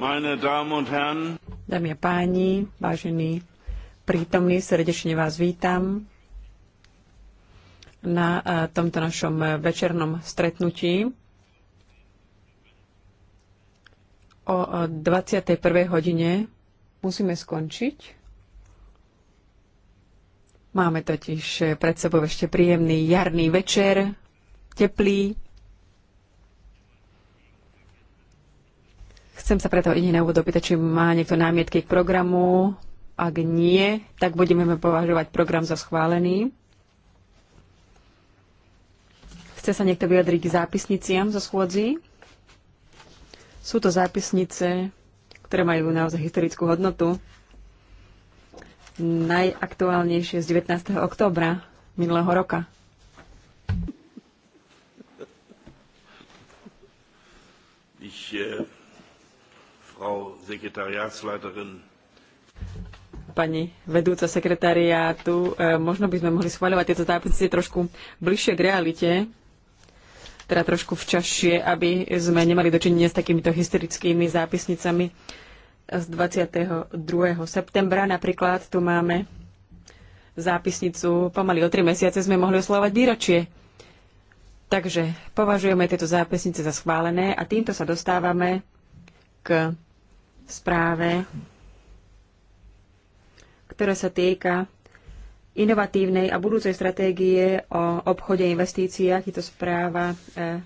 Meine Damen und Herren. Dámy a páni, vážení prítomní, srdečne vás vítam na eh, tomto našom večernom stretnutí o 21. Eh, hodine musíme skončiť. Máme totiž pred sebou ešte príjemný jarný večer, teplý, Chcem sa preto iný na úvod opýtať, či má niekto námietky k programu. Ak nie, tak budeme považovať program za schválený. Chce sa niekto vyjadriť k zápisniciam zo schôdzi? Sú to zápisnice, ktoré majú naozaj historickú hodnotu. Najaktuálnejšie z 19. októbra minulého roka. Ich, uh... Frau Sekretariatsleiterin. Pani vedúca sekretariátu, e, možno by sme mohli schváľovať tieto zápisy trošku bližšie k realite, teda trošku včasšie, aby sme nemali dočinenie s takýmito hysterickými zápisnicami z 22. septembra. Napríklad tu máme zápisnicu, pomaly o tri mesiace sme mohli oslovať výročie. Takže považujeme tieto zápisnice za schválené a týmto sa dostávame k v správe, ktorá sa týka inovatívnej a budúcej stratégie o obchode a investíciách. Je to správa eh,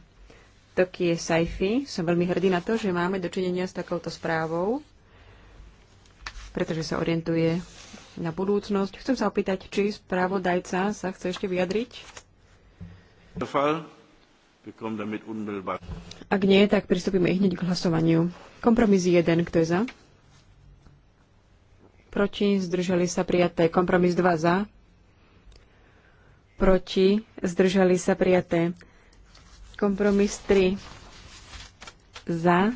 Tokie Saifi. Som veľmi hrdý na to, že máme dočinenia s takouto správou, pretože sa orientuje na budúcnosť. Chcem sa opýtať, či správodajca sa chce ešte vyjadriť. Dofal. Ak nie, tak pristúpime hneď k hlasovaniu. Kompromis 1, kto je za? Proti, zdržali sa prijaté. Kompromis 2 za. Proti, zdržali sa prijaté. Kompromis 3 za.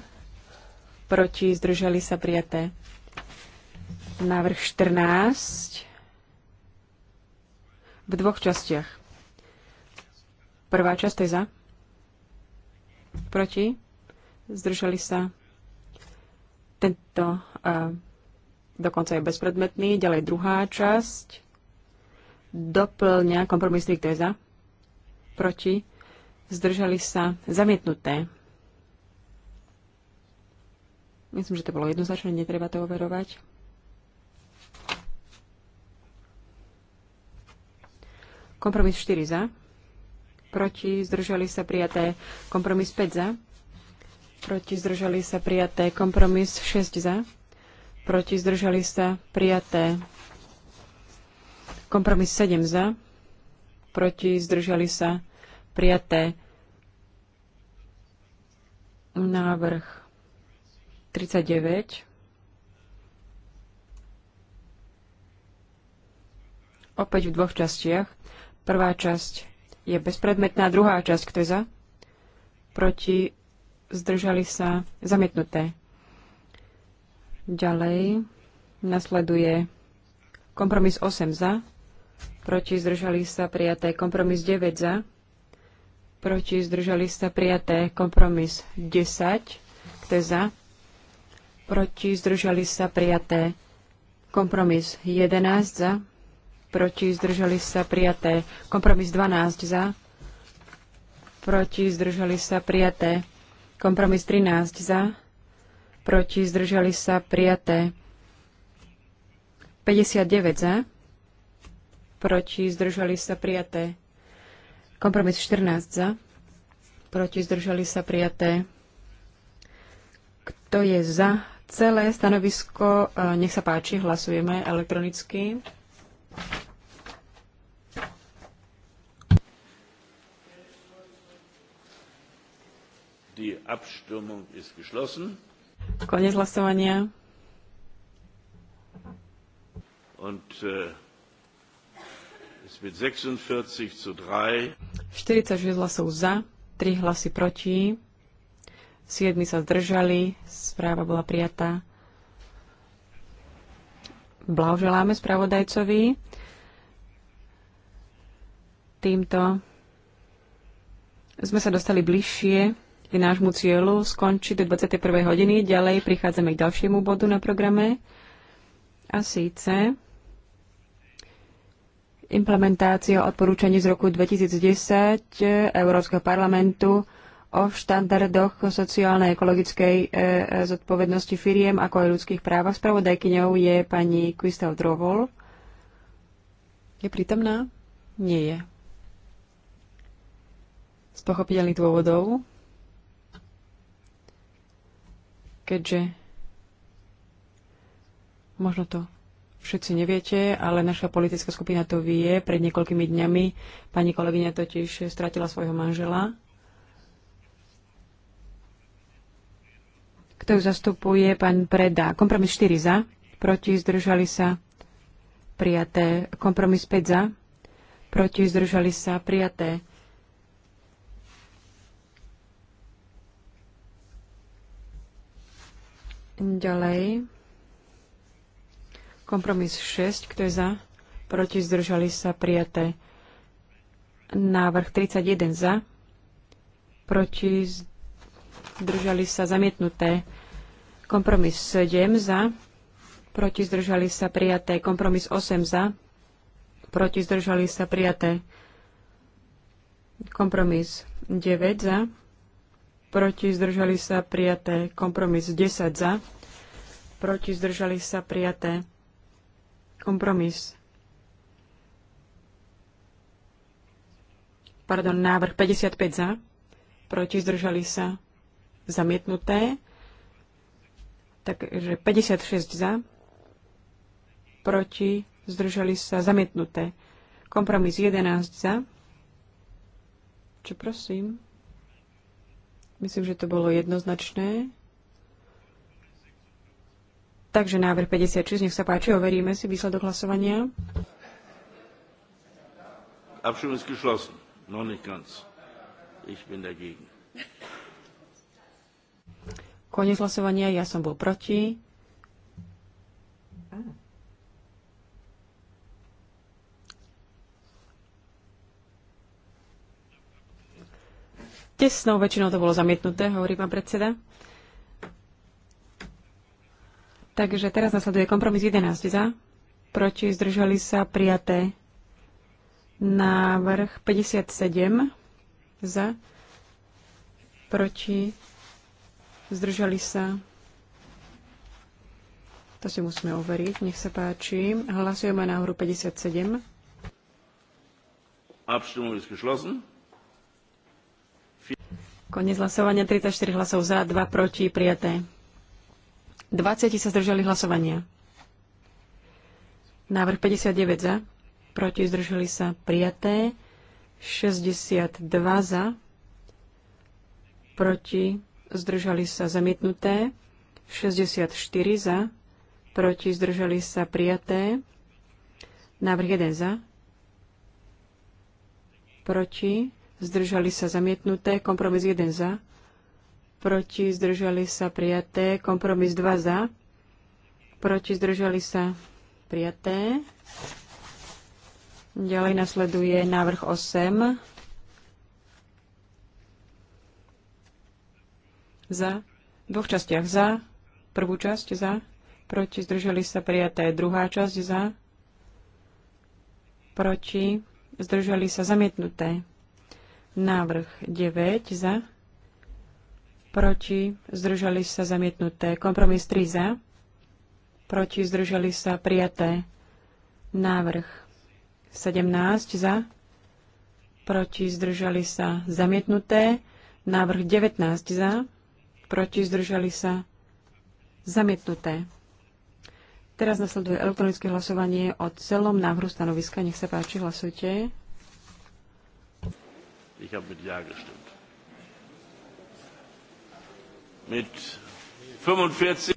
Proti, zdržali sa prijaté. Návrh 14 v dvoch častiach. Prvá časť je za proti, zdržali sa. Tento uh, dokonca je bezpredmetný. Ďalej druhá časť doplňa kompromis kto je za, proti, zdržali sa, zamietnuté. Myslím, že to bolo jednoznačné, netreba to overovať. Kompromis 4 za, proti, zdržali sa prijaté. Kompromis 5 za, proti, zdržali sa prijaté. Kompromis 6 za, proti, zdržali sa prijaté. Kompromis 7 za, proti, zdržali sa prijaté. Návrh 39. Opäť v dvoch častiach. Prvá časť je bezpredmetná. Druhá časť, kto je za? Proti zdržali sa zamietnuté. Ďalej nasleduje kompromis 8 za, proti zdržali sa prijaté kompromis 9 za, proti zdržali sa prijaté kompromis 10, kto je za, proti zdržali sa prijaté kompromis 11 za, proti zdržali sa prijaté. Kompromis 12 za, proti zdržali sa prijaté. Kompromis 13 za, proti zdržali sa prijaté. 59 za, proti zdržali sa prijaté. Kompromis 14 za, proti zdržali sa prijaté. Kto je za celé stanovisko, e, nech sa páči, hlasujeme elektronicky. Die Abstimmung ist geschlossen. Konec hlasovania. Und äh, ist mit 46 zu 3. 46 hlasov za, 3 hlasy proti, 7 sa zdržali, správa bola prijatá. Blahoželáme spravodajcovi. Týmto sme sa dostali bližšie k nášmu cieľu skončí do 21. hodiny. Ďalej prichádzame k ďalšiemu bodu na programe. A síce implementácia odporúčaní z roku 2010 Európskeho parlamentu o štandardoch sociálnej ekologickej e, e, zodpovednosti firiem, ako aj ľudských právach. Spravodajkyňou je pani Kristel Drovol. Je prítomná? Nie je. Z pochopiteľných dôvodov, keďže možno to všetci neviete, ale naša politická skupina to vie. Pred niekoľkými dňami pani kolegyňa totiž stratila svojho manžela kto ju zastupuje, pán Preda. Kompromis 4 za, proti zdržali sa prijaté. Kompromis 5 za, proti zdržali sa prijaté. Ďalej. Kompromis 6, kto je za? Proti zdržali sa prijaté. Návrh 31 za. Proti zdržali sa zamietnuté. Kompromis 7 za, proti zdržali sa prijaté. Kompromis 8 za, proti zdržali sa prijaté. Kompromis 9 za, proti zdržali sa prijaté. Kompromis 10 za, proti zdržali sa prijaté. Kompromis pardon, návrh 55 za, proti zdržali sa zamietnuté, Takže 56 za, proti, zdržali sa, zamietnuté. Kompromis 11 za. Čo prosím? Myslím, že to bolo jednoznačné. Takže návrh 56, nech sa páči, overíme si výsledok hlasovania. Abstimmung ist geschlossen. Noch nicht ganz. Ich bin dagegen. Koniec hlasovania, ja som bol proti. Tesnou väčšinou to bolo zamietnuté, hovorí pán predseda. Takže teraz nasleduje kompromis 11 za. Proti zdržali sa prijaté návrh 57 za. Proti zdržali sa. To si musíme overiť, nech sa páči. Hlasujeme na hru 57. Abstimmung ist geschlossen. Konec hlasovania 34 hlasov za, 2 proti, prijaté. 20 sa zdržali hlasovania. Návrh 59 za, proti zdržali sa prijaté, 62 za, proti zdržali sa zamietnuté, 64 za, proti zdržali sa prijaté, návrh 1 za, proti zdržali sa zamietnuté, kompromis 1 za, proti zdržali sa prijaté, kompromis 2 za, proti zdržali sa prijaté. Ďalej nasleduje návrh 8 za, v dvoch častiach za, prvú časť za, proti zdržali sa prijaté, druhá časť za, proti zdržali sa zamietnuté. Návrh 9 za, proti zdržali sa zamietnuté. Kompromis 3 za, proti zdržali sa prijaté. Návrh 17 za, proti zdržali sa zamietnuté. Návrh 19 za, proti, zdržali sa, zamietnuté. Teraz nasleduje elektronické hlasovanie o celom návrhu stanoviska. Nech sa páči, hlasujte. Ich habe mit Ja gestimmt. Mit 45.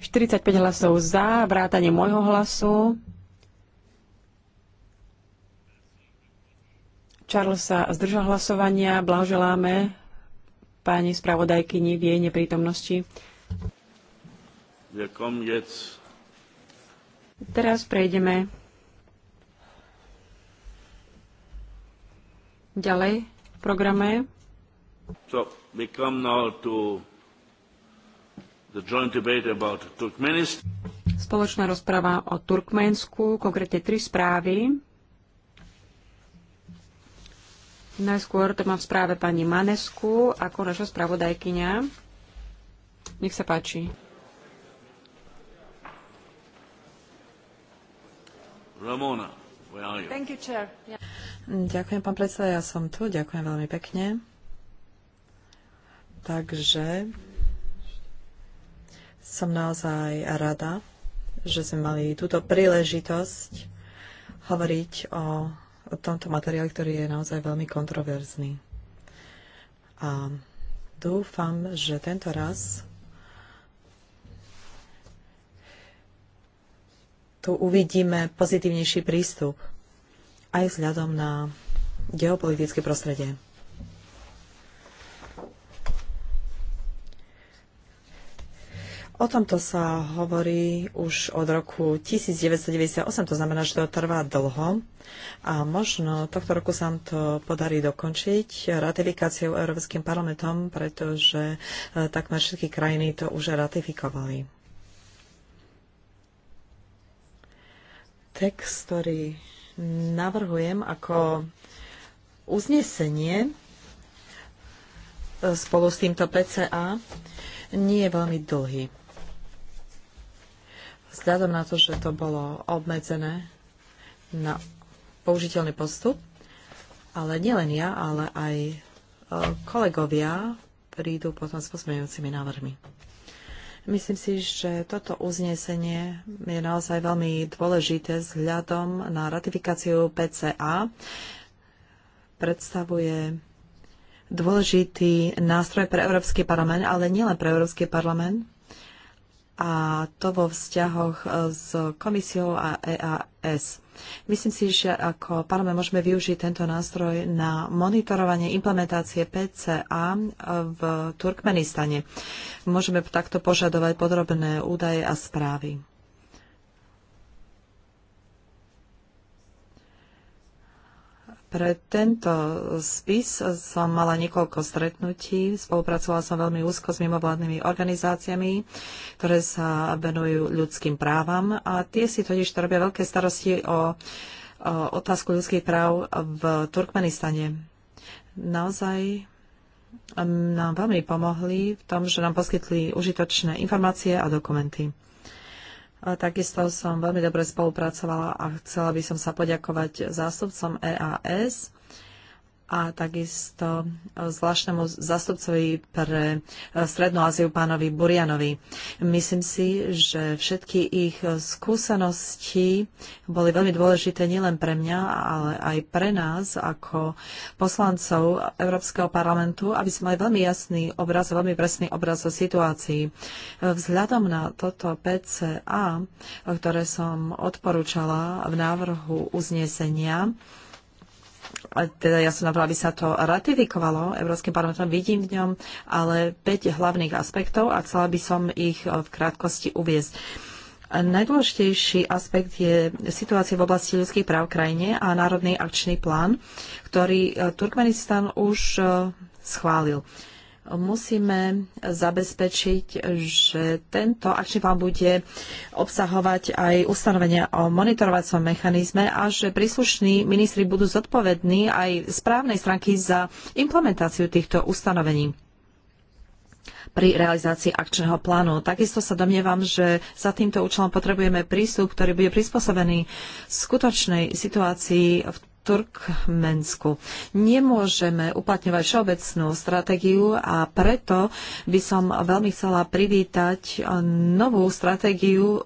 45 hlasov za, vrátanie môjho hlasu. Charles sa zdržal hlasovania, blahoželáme páni spravodajkyni v jej neprítomnosti. Teraz prejdeme ďalej v programe. So we come now to the joint debate about Spoločná rozprava o Turkmensku, konkrétne tri správy. Najskôr to mám v správe pani Manesku ako naša spravodajkyňa. Nech sa páči. Ramona, where are you? Thank you, chair. Yeah. Ďakujem, pán predseda, ja som tu. Ďakujem veľmi pekne. Takže som naozaj rada, že sme mali túto príležitosť hovoriť o tomto materiáli, ktorý je naozaj veľmi kontroverzný. A dúfam, že tento raz tu uvidíme pozitívnejší prístup aj vzhľadom na geopolitické prostredie. O tomto sa hovorí už od roku 1998, to znamená, že to trvá dlho a možno tohto roku sa nám to podarí dokončiť ratifikáciou Európskym parlamentom, pretože e, takmer všetky krajiny to už ratifikovali. Text, ktorý navrhujem ako uznesenie e, spolu s týmto PCA, nie je veľmi dlhý vzhľadom na to, že to bolo obmedzené na použiteľný postup, ale nielen ja, ale aj e, kolegovia prídu potom s posmejúcimi návrhmi. Myslím si, že toto uznesenie je naozaj veľmi dôležité vzhľadom na ratifikáciu PCA. Predstavuje dôležitý nástroj pre Európsky parlament, ale nielen pre Európsky parlament, a to vo vzťahoch e, s komisiou a EAS. Myslím si, že ako parlament môžeme využiť tento nástroj na monitorovanie implementácie PCA e, v Turkmenistane. Môžeme takto požadovať podrobné údaje a správy. Pre tento spis som mala niekoľko stretnutí, spolupracovala som veľmi úzko s mimovládnymi organizáciami, ktoré sa venujú ľudským právam a tie si totiž robia veľké starosti o, o otázku ľudských práv v Turkmenistane. Naozaj nám veľmi pomohli v tom, že nám poskytli užitočné informácie a dokumenty. Takisto som veľmi dobre spolupracovala a chcela by som sa poďakovať zástupcom EAS a takisto e, zvláštnemu zastupcovi pre e, Strednú Áziu, pánovi Burianovi. Myslím si, že všetky ich skúsenosti boli veľmi dôležité nielen pre mňa, ale aj pre nás ako poslancov Európskeho parlamentu, aby sme mali veľmi jasný obraz, veľmi presný obraz o situácii. Vzhľadom na toto PCA, ktoré som odporúčala v návrhu uznesenia, teda ja som navrhla, aby sa to ratifikovalo Európskym parlamentom, vidím v ňom ale 5 hlavných aspektov a chcela by som ich v krátkosti uviezť. Najdôležitejší aspekt je situácia v oblasti ľudských práv krajine a Národný akčný plán, ktorý Turkmenistan už eh, schválil musíme zabezpečiť, že tento akčný plán bude obsahovať aj ustanovenia o monitorovacom mechanizme a že príslušní ministri budú zodpovední aj správnej stránky za implementáciu týchto ustanovení pri realizácii akčného plánu. Takisto sa domnievam, že za týmto účelom potrebujeme prístup, ktorý bude prispôsobený skutočnej situácii v Turkmensku. Nemôžeme uplatňovať všeobecnú stratégiu a preto by som veľmi chcela privítať novú stratégiu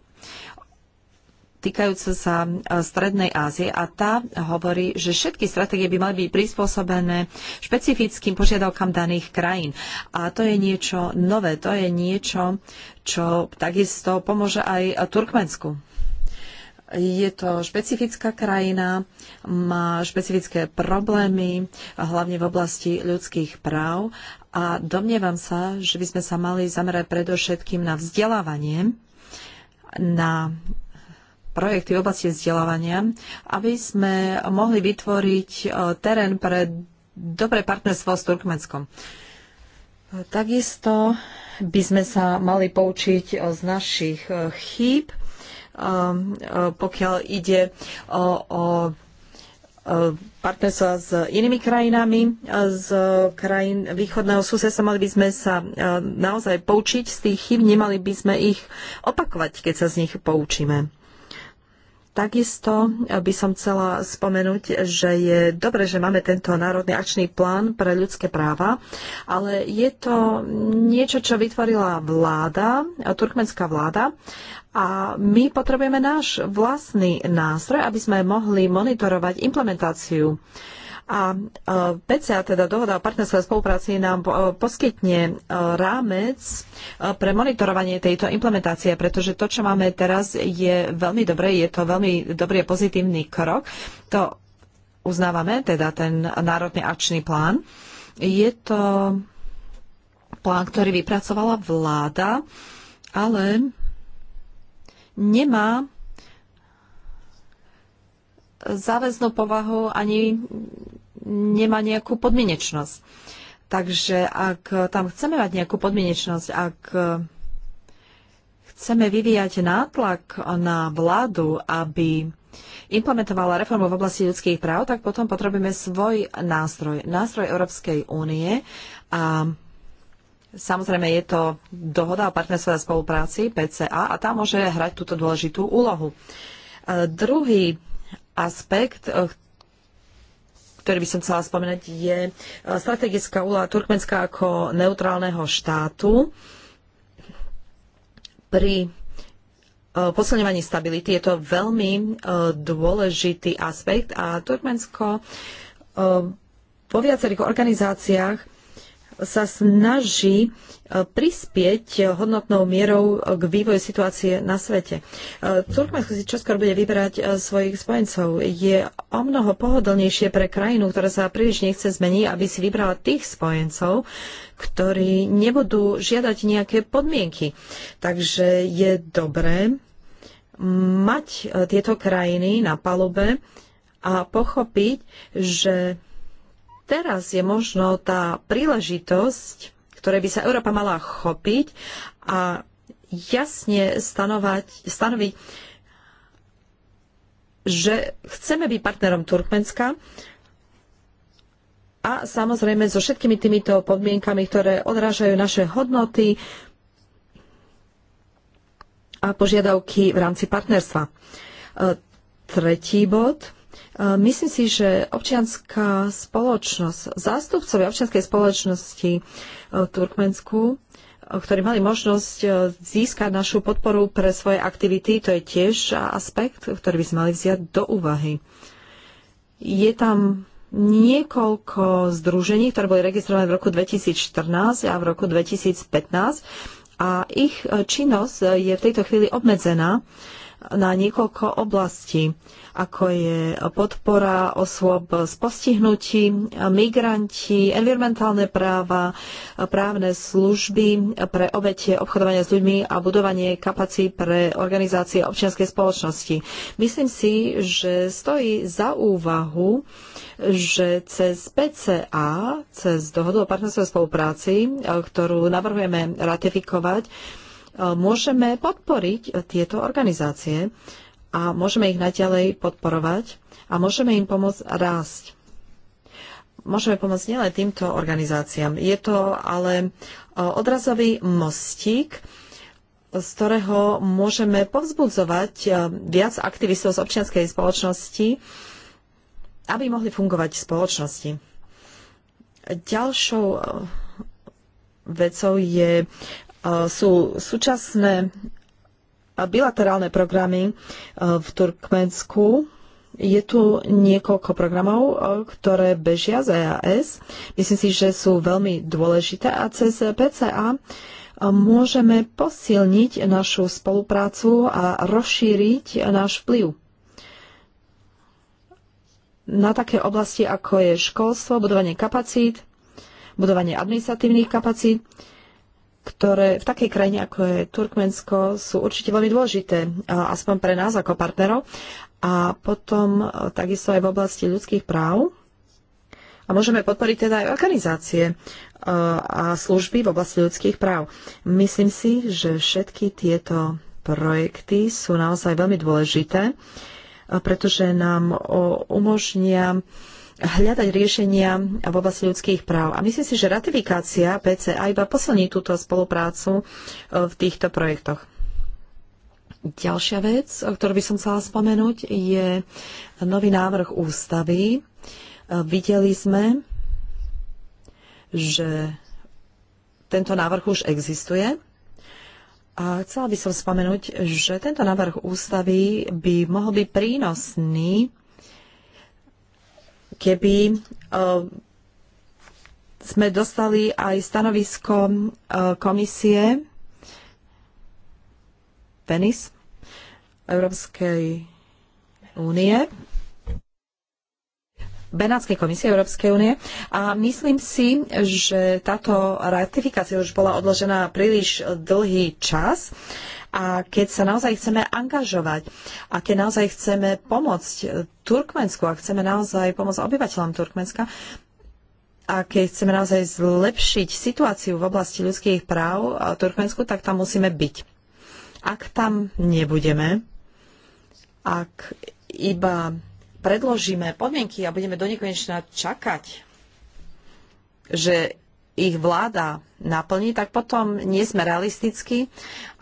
týkajúce sa Strednej Ázie a tá hovorí, že všetky stratégie by mali byť prispôsobené špecifickým požiadavkám daných krajín. A to je niečo nové, to je niečo, čo takisto pomôže aj Turkmensku. Je to špecifická krajina, má špecifické problémy, hlavne v oblasti ľudských práv a domnievam sa, že by sme sa mali zamerať predovšetkým na vzdelávanie, na projekty v oblasti vzdelávania, aby sme mohli vytvoriť e, terén pre dobré partnerstvo s Turkmenskom. Takisto by sme sa mali poučiť z našich e, chýb Um, uh, pokiaľ ide o, o uh, partnerstva s inými krajinami uh, z krajín východného susedstva. Mali by sme sa naozaj poučiť z tých chyb, nemali by sme ich opakovať, keď sa z nich poučíme. Takisto by som chcela spomenúť, že je dobre, že máme tento národný akčný plán pre ľudské práva, ale je to niečo, čo vytvorila vláda, turkmenská vláda a my potrebujeme náš vlastný nástroj, aby sme mohli monitorovať implementáciu uh, a e, PCA, teda dohoda o partnerskej spolupráci, nám e, poskytne e, rámec pre monitorovanie tejto implementácie, pretože to, čo máme teraz, je veľmi dobré, je to veľmi dobrý a pozitívny krok. To uznávame, teda ten národný akčný plán. Je to plán, ktorý vypracovala vláda, ale nemá záväznú povahu ani nemá nejakú podmienečnosť. Takže ak tam chceme mať nejakú podmienečnosť, ak chceme vyvíjať nátlak na vládu, aby implementovala reformu v oblasti ľudských práv, tak potom potrebujeme svoj nástroj, nástroj Európskej únie a samozrejme je to dohoda o partnerstve a spolupráci PCA a tá môže hrať túto dôležitú úlohu. Druhý aspekt, e, ktorý by som chcela spomenúť, je e, strategická úloha Turkmenska ako neutrálneho štátu pri e, posilňovaní stability. Je to veľmi dôležitý aspekt a Turkmensko po viacerých organizáciách sa snaží e, prispieť hodnotnou mierou k vývoju situácie na svete. E, Turkmensko si čoskoro bude vyberať e, svojich spojencov. Je o mnoho pohodlnejšie pre krajinu, ktorá sa príliš nechce zmeniť, aby si vybrala tých spojencov, ktorí nebudú žiadať nejaké podmienky. Takže je dobré mať tieto krajiny na palube a pochopiť, že teraz je možno tá príležitosť, ktoré by sa Európa mala chopiť a jasne stanovať, stanoviť, že chceme byť partnerom Turkmenska a samozrejme so všetkými týmito podmienkami, ktoré odrážajú naše hodnoty a požiadavky v rámci partnerstva. E, tretí bod – E, myslím si, že občianská spoločnosť, zástupcovia občianskej spoločnosti e, v Turkmensku, e, ktorí mali možnosť získať našu podporu pre svoje aktivity, to je tiež aspekt, ktorý by sme mali vziať do úvahy. Je tam niekoľko združení, ktoré boli registrované v roku 2014 a v roku 2015 a ich činnosť je v tejto chvíli obmedzená na niekoľko oblastí, ako je podpora osôb s postihnutím, migranti, environmentálne práva, právne služby pre obete obchodovania s ľuďmi a budovanie kapací pre organizácie občianskej spoločnosti. Myslím si, že stojí za úvahu, že cez PCA, cez dohodu o partnerstve spolupráci, ktorú navrhujeme ratifikovať, E, môžeme podporiť e, tieto organizácie a môžeme ich naďalej podporovať a môžeme im pomôcť rásť. Môžeme pomôcť nielen týmto organizáciám. Je to ale e, odrazový mostík, z ktorého môžeme povzbudzovať viac aktivistov z občianskej spoločnosti, aby mohli fungovať v spoločnosti. Ďalšou vecou je sú súčasné bilaterálne programy e, v Turkmensku. Je tu niekoľko programov, e, ktoré bežia z EAS. Myslím si, že sú veľmi dôležité a cez PCA e, môžeme posilniť našu spoluprácu a rozšíriť náš vplyv na také oblasti, ako je školstvo, budovanie kapacít, budovanie administratívnych kapacít, ktoré v takej krajine, ako je Turkmensko, sú určite veľmi dôležité, aspoň pre nás ako partnerov. A potom e, takisto aj v oblasti ľudských práv. A môžeme podporiť teda aj organizácie e, a služby v oblasti ľudských práv. Myslím si, že všetky tieto projekty sú naozaj veľmi dôležité, e, pretože nám umožnia hľadať riešenia v oblasti ľudských práv. A myslím si, že ratifikácia PCA iba posilní túto spoluprácu e, v týchto projektoch. Ďalšia vec, o ktorú by som chcela spomenúť, je nový návrh ústavy. E, videli sme, že tento návrh už existuje. A chcela by som spomenúť, že tento návrh ústavy by mohol byť prínosný keby eh, sme dostali aj stanovisko eh, komisie Penis Európskej únie, Benátskej komisie Európskej únie a myslím si, že táto ratifikácia už bola odložená príliš dlhý čas a keď sa naozaj chceme angažovať a keď naozaj chceme pomôcť Turkmensku a chceme naozaj pomôcť obyvateľom Turkmenska, a keď chceme naozaj zlepšiť situáciu v oblasti ľudských práv v Turkmensku, tak tam musíme byť. Ak tam nebudeme, ak iba predložíme podmienky a budeme do nekonečna čakať, že ich vláda naplní, tak potom nie sme realistickí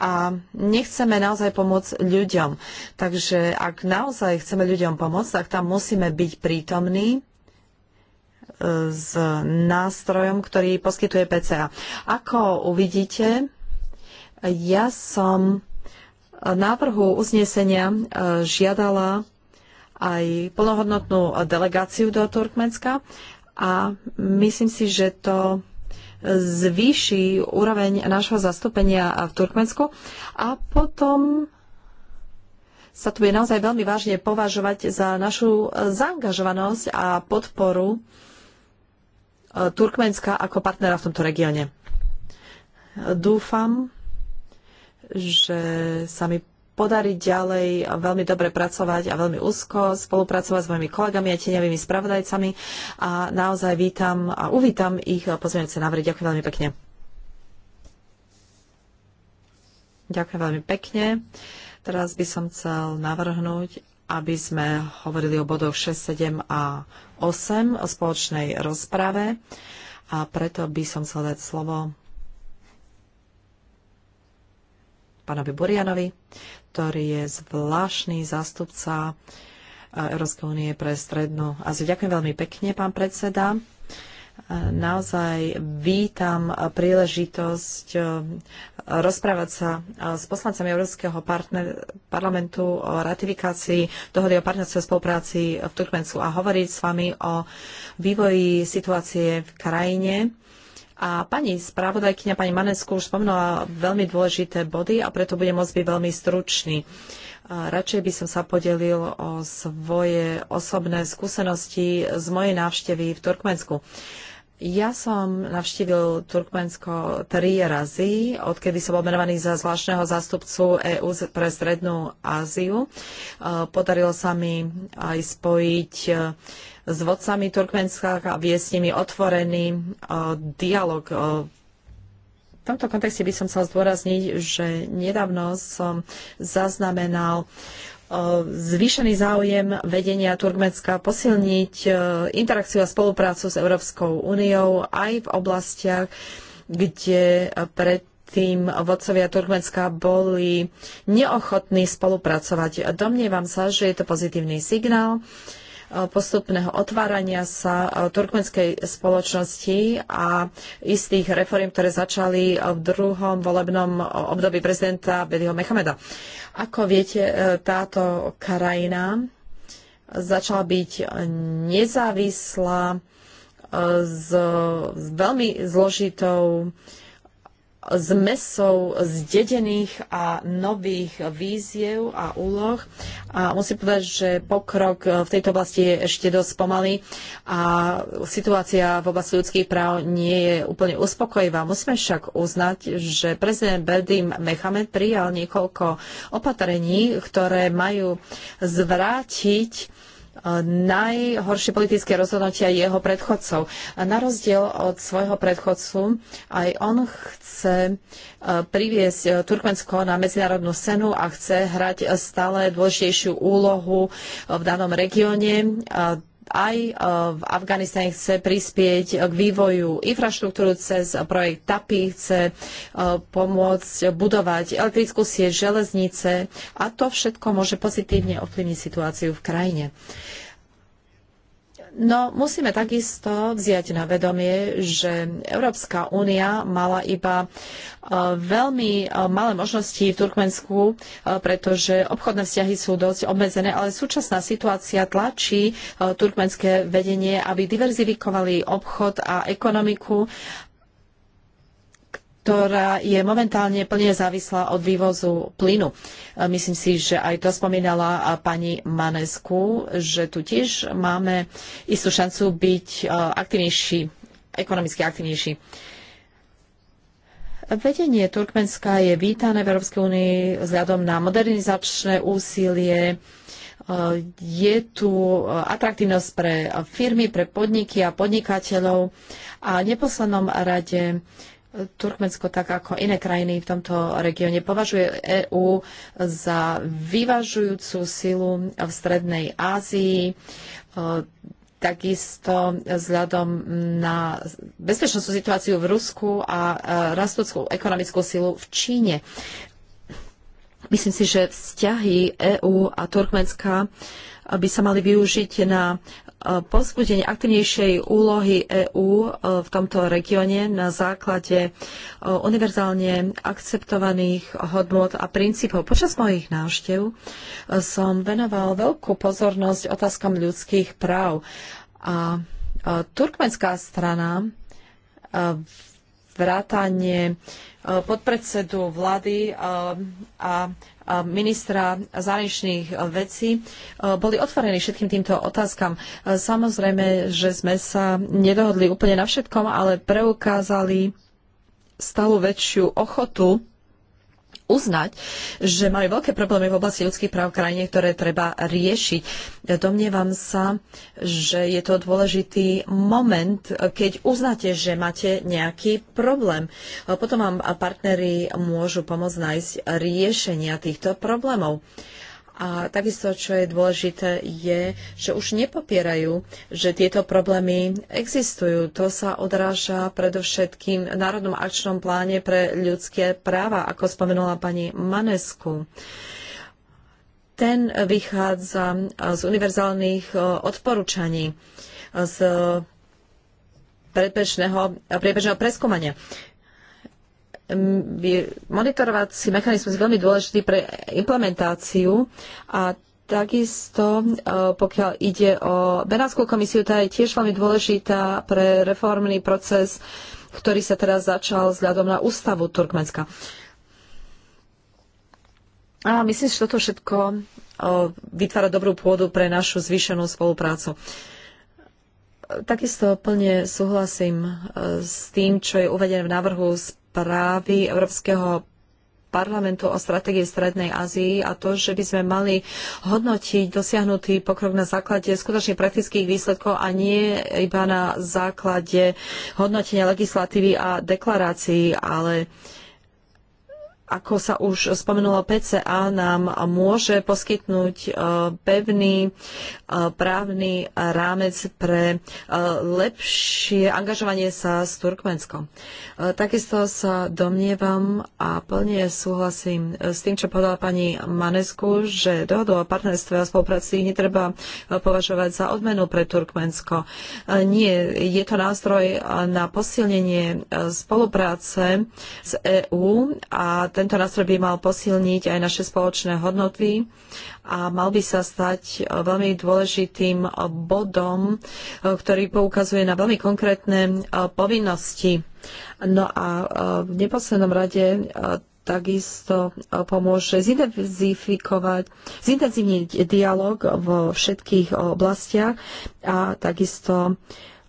a nechceme naozaj pomôcť ľuďom. Takže ak naozaj chceme ľuďom pomôcť, tak tam musíme byť prítomní e, s nástrojom, ktorý poskytuje PCA. Ako uvidíte, ja som návrhu uznesenia e, žiadala aj plnohodnotnú delegáciu do Turkmenska a myslím si, že to zvýši úroveň nášho zastúpenia v Turkmensku a potom sa tu je naozaj veľmi vážne považovať za našu zaangažovanosť a podporu e, Turkmenska ako partnera v tomto regióne. Dúfam, že sa mi podarí ďalej veľmi dobre pracovať a veľmi úzko spolupracovať s mojimi kolegami a tieňovými spravodajcami a naozaj vítam a uvítam ich pozmeňujúce návrhy. Ďakujem veľmi pekne. Ďakujem veľmi pekne. Teraz by som chcel navrhnúť, aby sme hovorili o bodoch 6, 7 a 8 o spoločnej rozprave a preto by som chcel dať slovo pánovi Burianovi ktorý je zvláštny zástupca e, Európskej únie pre Strednú Aziu. Ďakujem veľmi pekne, pán predseda. E, naozaj vítam príležitosť e, rozprávať sa s poslancami Európskeho partner, parlamentu o ratifikácii dohody o partnerstve spolupráci v Turkmensku a hovoriť s vami o vývoji situácie v krajine a pani spravodajkyňa, pani Manesku už spomenula veľmi dôležité body a preto budem môcť byť veľmi stručný. A radšej by som sa podelil o svoje osobné skúsenosti z mojej návštevy v Turkmensku. Ja som navštívil Turkmensko tri razy, odkedy som bol menovaný za zvláštneho zástupcu EÚ pre Strednú Áziu. E, podarilo sa mi aj spojiť e, s vodcami Turkmenska a viesť s nimi otvorený e, dialog. V tomto kontexte by som chcel zdôrazniť, že nedávno som zaznamenal uh, E, zvýšený záujem vedenia Turkmenska posilniť e, interakciu a spoluprácu s Európskou úniou aj v oblastiach, kde predtým vodcovia Turkmenska boli neochotní spolupracovať. Domnievam sa, že je to pozitívny signál postupného otvárania sa e, turkmenskej spoločnosti a istých reform, ktoré začali v druhom volebnom období prezidenta Bediho Mechameda. Ako viete, e, táto krajina začala byť nezávislá e, s veľmi zložitou zmesou zdedených a nových víziev a úloh. A musím povedať, že pokrok v tejto oblasti je ešte dosť pomalý a situácia v oblasti ľudských práv nie je úplne uspokojivá. Musíme však uznať, že prezident Bedim Mechamed prijal niekoľko opatrení, ktoré majú zvrátiť najhoršie politické rozhodnutia jeho predchodcov. na rozdiel od svojho predchodcu, aj on chce e, priviesť e, Turkmensko na medzinárodnú scénu a chce hrať stále dôležitejšiu úlohu e, v danom regióne aj e, v Afganistane chce prispieť k vývoju infraštruktúru cez projekt TAPI, chce e, pomôcť budovať elektrickú sieť, železnice a to všetko môže pozitívne ovplyvniť situáciu v krajine. No, musíme takisto vziať na vedomie, že Európska únia mala iba e, veľmi e, malé možnosti v Turkmensku, e, pretože obchodné vzťahy sú dosť obmedzené, ale súčasná situácia tlačí turkmenské vedenie, aby diverzifikovali obchod a ekonomiku ktorá je momentálne plne závislá od vývozu plynu. E, myslím si, že aj to spomínala pani Manesku, že tu tiež máme istú šancu byť e, aktivnejší, ekonomicky aktivnejší. Vedenie Turkmenska je vítané v Európskej únii vzhľadom na modernizačné úsilie. E, je tu atraktívnosť pre firmy, pre podniky a podnikateľov a v neposlednom rade Turkmensko, tak ako iné krajiny v tomto regióne, považuje EÚ za vyvažujúcu silu v Strednej Ázii, e, takisto vzhľadom na bezpečnostnú situáciu v Rusku a e, rastúcu ekonomickú silu v Číne. Myslím si, že vzťahy EÚ a Turkmenska by sa mali využiť na povzbudenie aktivnejšej úlohy EÚ e, v tomto regióne na základe e, univerzálne akceptovaných hodnot a princípov. Počas mojich návštev e, som venoval veľkú pozornosť otázkam ľudských práv a turkmenská strana vrátanie podpredsedu vlády a ministra zahraničných e, vecí e, boli otvorení všetkým týmto otázkam. E, samozrejme, že sme sa nedohodli úplne na všetkom, ale preukázali stále väčšiu ochotu uznať, že majú veľké problémy v oblasti ľudských práv v krajine, ktoré treba riešiť. Domnievam sa, že je to dôležitý moment, keď uznáte, že máte nejaký problém. Potom vám partnery môžu pomôcť nájsť riešenia týchto problémov. A takisto, čo je dôležité, je, že už nepopierajú, že tieto problémy existujú. To sa odráža predovšetkým v Národnom akčnom pláne pre ľudské práva, ako spomenula pani Manesku. Ten vychádza z univerzálnych e, odporúčaní, e, z e, priebežného preskúmania monitorovací mechanizmus je veľmi dôležitý pre implementáciu a Takisto, e, pokiaľ ide o Benátskú komisiu, tá je tiež veľmi dôležitá pre reformný proces, ktorý sa teraz začal vzhľadom na ústavu Turkmenska. A myslím, že toto všetko e, vytvára dobrú pôdu pre našu zvýšenú spoluprácu. Takisto plne súhlasím e, s tým, čo je uvedené v návrhu z správy Európskeho parlamentu o stratégii Strednej Ázii a to, že by sme mali hodnotiť dosiahnutý pokrok na základe skutočne praktických výsledkov a nie iba na základe hodnotenia legislatívy a deklarácií, ale ako sa už spomenulo, PCA nám môže poskytnúť e, pevný e, právny rámec pre e, lepšie angažovanie sa s Turkmenskom. Takisto sa domnievam a plne súhlasím s tým, čo povedala pani Manesku, že dohodu o partnerstve a spolupráci netreba považovať za odmenu pre Turkmensko. Nie, je to nástroj na posilnenie spolupráce s EÚ a tento nástroj by mal posilniť aj naše spoločné hodnoty a mal by sa stať e, veľmi dôležitým e, bodom, e, ktorý poukazuje na veľmi konkrétne povinnosti. No a v neposlednom rade takisto pomôže zintenzifikovať, zintenzívniť dialog vo všetkých oblastiach a takisto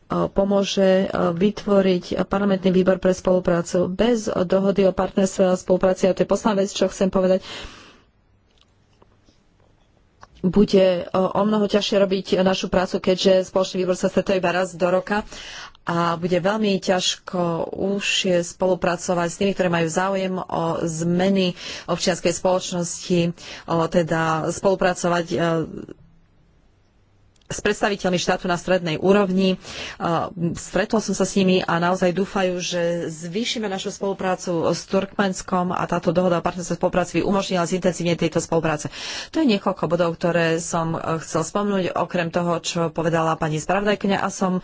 E, pomôže e, vytvoriť parlamentný výbor pre spoluprácu. Bez dohody o partnerstve a spolupráci, a to je posledná vec, čo chcem povedať, bude e, o mnoho ťažšie robiť našu prácu, keďže spoločný výbor sa stretuje iba raz do roka a bude veľmi ťažko už spolupracovať s tými, ktorí majú záujem o zmeny občianskej spoločnosti, o teda spolupracovať s predstaviteľmi štátu na strednej úrovni. E, stretol som sa s nimi a naozaj dúfajú, že zvýšime našu spoluprácu s Turkmenskom a táto dohoda o partnerstve spolupráci by umožnila zintenzívne tejto spolupráce. To je niekoľko bodov, ktoré som e, chcel spomnúť, okrem toho, čo povedala pani spravodajkňa a som e,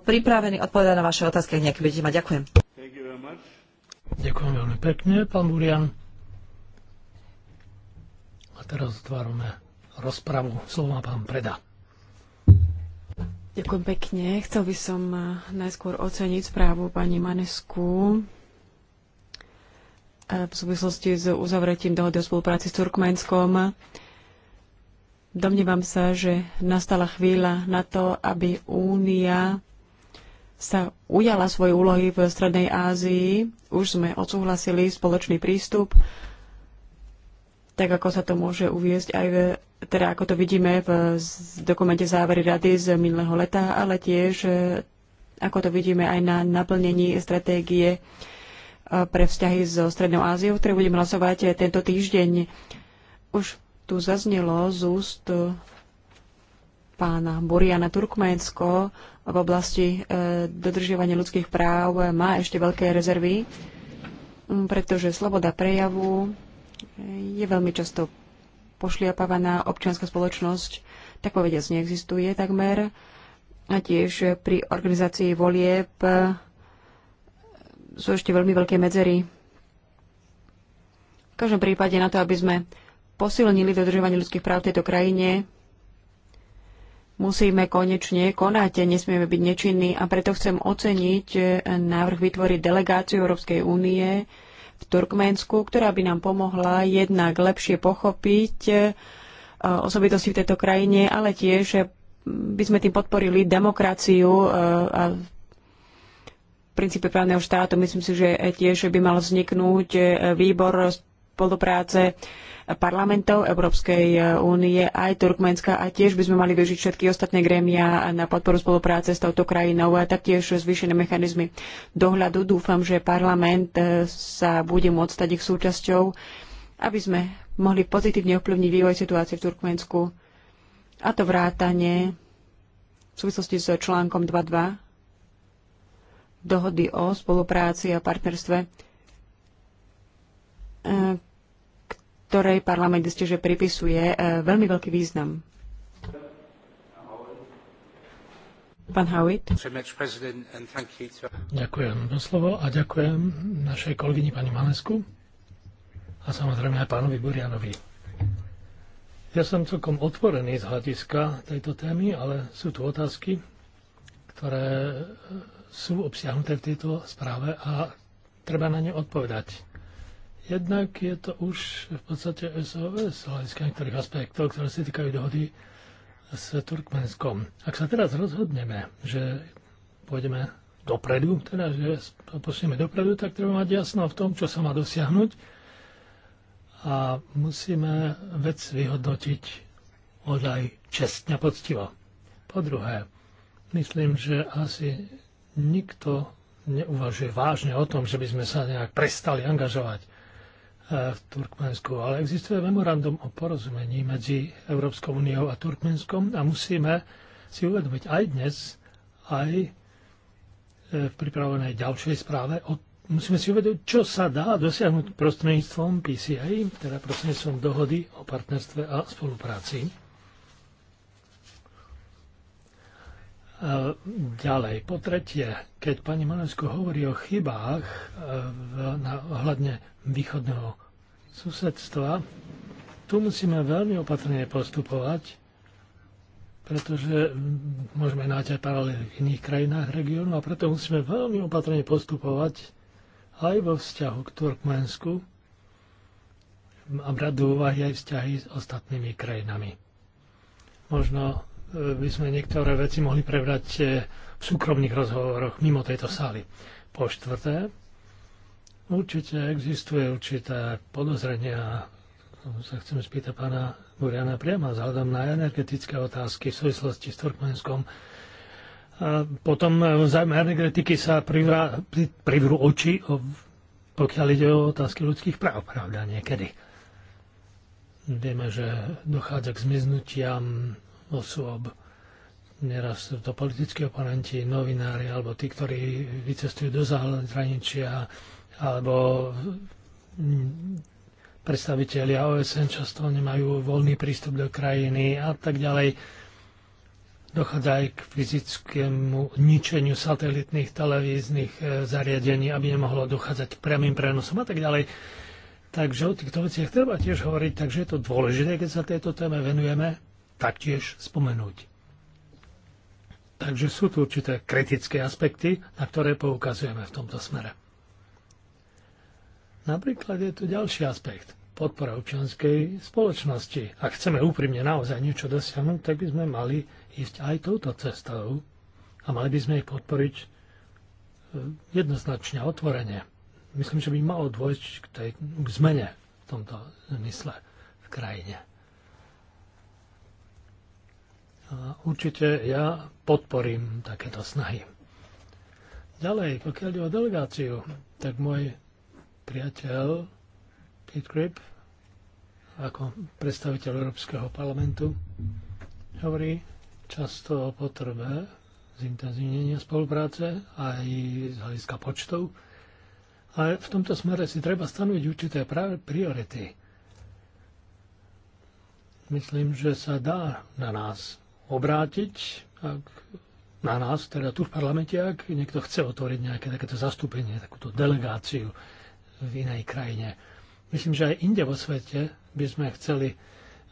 pripravený odpovedať na vaše otázky, ak nejaké budete mať. Ďakujem. Ďakujem veľmi pekne, pán Burian. A teraz otvárame rozpravu. Slovo má pán Preda. Ďakujem pekne. Chcel by som eh, najskôr oceniť správu pani Manesku eh, v súvislosti s uzavretím dohody o spolupráci s Turkmenskom. Domnívam sa, že nastala chvíľa na to, aby Únia sa ujala svoje úlohy v Strednej Ázii. Už sme odsúhlasili spoločný prístup tak ako sa to môže uviezť aj v, teda ako to vidíme v dokumente závery rady z minulého leta, ale tiež e, ako to vidíme aj na naplnení stratégie e, pre vzťahy so Strednou Áziou, ktoré budeme hlasovať e, tento týždeň. Už tu zaznelo z úst pána Buriana Turkménsko v oblasti dodržiavania ľudských práv má ešte veľké rezervy, pretože sloboda prejavu je veľmi často pošliapávaná občianská spoločnosť, tak povediac neexistuje takmer. A tiež pri organizácii volieb sú ešte veľmi veľké medzery. V každom prípade na to, aby sme posilnili dodržovanie ľudských práv v tejto krajine, musíme konečne konať, nesmieme byť nečinní a preto chcem oceniť návrh vytvoriť delegáciu Európskej únie, v Turkmensku, ktorá by nám pomohla jednak lepšie pochopiť e, osobitosti v tejto krajine, ale tiež e, by sme tým podporili demokraciu e, a princípe právneho štátu. Myslím si, že tiež by mal vzniknúť výbor spolupráce parlamentov Európskej e, únie, aj Turkmenska a tiež by sme mali využiť všetky ostatné grémia na podporu spolupráce s touto krajinou a taktiež zvýšené mechanizmy dohľadu. Dúfam, že parlament e, sa bude môcť stať ich súčasťou, aby sme mohli pozitívne ovplyvniť vývoj situácie v Turkmensku a to vrátanie v súvislosti s článkom 2.2 dohody o spolupráci a partnerstve e, ktorej parlament ste, že pripisuje e, veľmi veľký význam. Pán Howitt. Ďakujem za slovo a ďakujem našej kolegyni pani Manesku a samozrejme aj pánovi Burianovi. Ja som celkom otvorený z hľadiska tejto témy, ale sú tu otázky, ktoré sú obsiahnuté v tejto správe a treba na ne odpovedať. Jednak je to už v podstate SOS z hľadiska niektorých aspektov, ktoré sa týkajú dohody s Turkmenskom. Ak sa teraz rozhodneme, že pôjdeme dopredu, teda že posuneme dopredu, tak treba mať jasno v tom, čo sa má dosiahnuť a musíme vec vyhodnotiť odaj čestne poctivo. Po druhé, myslím, že asi nikto neuvažuje vážne o tom, že by sme sa nejak prestali angažovať Eh, v Turkmensku. Ale existuje memorandum o porozumení medzi Európskou úniou a Turkmenskom a musíme si uvedomiť aj dnes, aj eh, v pripravenej ďalšej správe, musíme si uvedomiť, čo sa dá dosiahnuť prostredníctvom PCA, teda prostredníctvom dohody o partnerstve a spolupráci. E, ďalej, po tretie, keď pani Malensko hovorí o chybách e, na ohľadne východného susedstva, tu musíme veľmi opatrne postupovať, pretože môžeme nájsť aj paralely v iných krajinách regiónu a preto musíme veľmi opatrne postupovať aj vo vzťahu k Turkmensku a brať do úvahy aj vzťahy s ostatnými krajinami. Možno by sme niektoré veci mohli prebrať e, v súkromných rozhovoroch mimo tejto sály. Po štvrté, určite existuje určité podozrenia, A sa chcem spýtať pána Buriana priama, vzhľadom na energetické otázky v súvislosti s Turkmenskom. A potom e, zájme energetiky sa privra, pri, privrú oči, pokiaľ ide o otázky ľudských práv, pravda, niekedy. Vieme, že dochádza k zmiznutiam osôb. Neraz sú to politickí oponenti, novinári alebo tí, ktorí vycestujú do zahraničia alebo predstavitelia OSN často nemajú voľný prístup do krajiny a tak ďalej. Dochádza aj k fyzickému ničeniu satelitných televíznych e, zariadení, aby nemohlo dochádzať priamým prenosom a tak ďalej. Takže o týchto veciach treba tiež hovoriť, takže je to dôležité, keď sa tejto téme venujeme taktiež spomenúť. Takže sú tu určité kritické aspekty, na ktoré poukazujeme v tomto smere. Napríklad je tu ďalší aspekt. Podpora občianskej spoločnosti. Ak chceme úprimne naozaj niečo dosiahnuť, tak by sme mali ísť aj touto cestou a mali by sme ich podporiť e, jednoznačne, otvorene. Myslím, že by malo dôjsť k, tej, k zmene v tomto zmysle v krajine. A určite ja podporím takéto snahy. Ďalej, pokiaľ ide o delegáciu, tak môj priateľ Pete Grip ako predstaviteľ Európskeho parlamentu hovorí často o potrebe zintenzívnenia spolupráce aj z hľadiska počtov. Ale v tomto smere si treba stanoviť určité priority. Myslím, že sa dá na nás obrátiť ak, na nás, teda tu v parlamente, ak niekto chce otvoriť nejaké takéto zastúpenie, takúto delegáciu v inej krajine. Myslím, že aj inde vo svete by sme chceli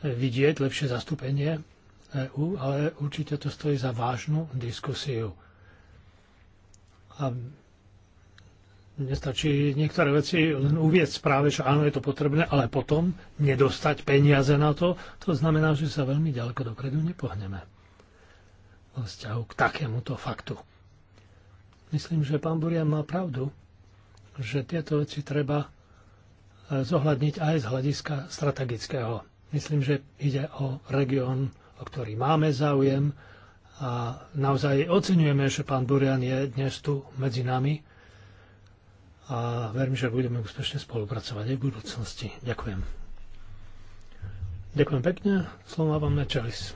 vidieť lepšie zastúpenie EU, ale určite to stojí za vážnu diskusiu. A Nestačí niektoré veci len uvieť správe, že áno, je to potrebné, ale potom nedostať peniaze na to, to znamená, že sa veľmi ďaleko dopredu nepohneme vo vzťahu k takémuto faktu. Myslím, že pán Burian má pravdu, že tieto veci treba e, zohľadniť aj z hľadiska strategického. Myslím, že ide o región, o ktorý máme záujem a naozaj oceňujeme, že pán Burian je dnes tu medzi nami a verím, že budeme úspešne spolupracovať aj v budúcnosti. Ďakujem. Ďakujem pekne. Slovo vám na čelis.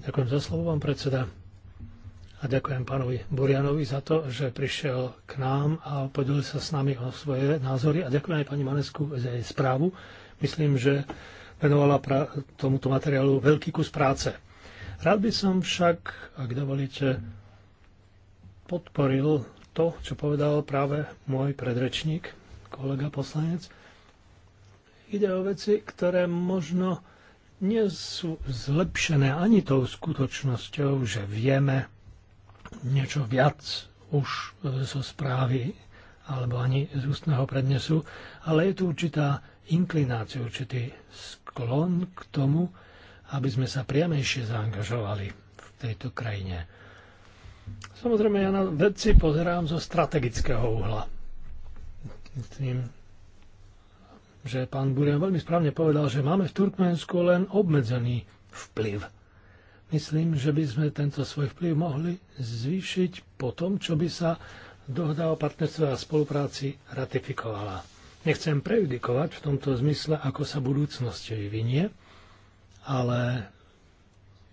Ďakujem za slovo, vám, predseda. A ďakujem pánovi Burianovi za to, že prišiel k nám a podelil sa s nami o svoje názory. A ďakujem aj pani Manesku za jej správu. Myslím, že venovala tomuto materiálu veľký kus práce. Rád by som však, ak dovolíte, podporil to, čo povedal práve môj predrečník, kolega poslanec. Ide o veci, ktoré možno nie sú zlepšené ani tou skutočnosťou, že vieme niečo viac už e, zo správy alebo ani z ústneho prednesu, ale je tu určitá inklinácia, určitý sklon k tomu, aby sme sa priamejšie zaangažovali v tejto krajine. Samozrejme, ja na vedci pozerám zo strategického uhla. Tým, že pán Burian veľmi správne povedal, že máme v Turkmensku len obmedzený vplyv. Myslím, že by sme tento svoj vplyv mohli zvýšiť po tom, čo by sa dohoda o partnerstve a spolupráci ratifikovala. Nechcem prejudikovať v tomto zmysle, ako sa budúcnosť vyvinie, ale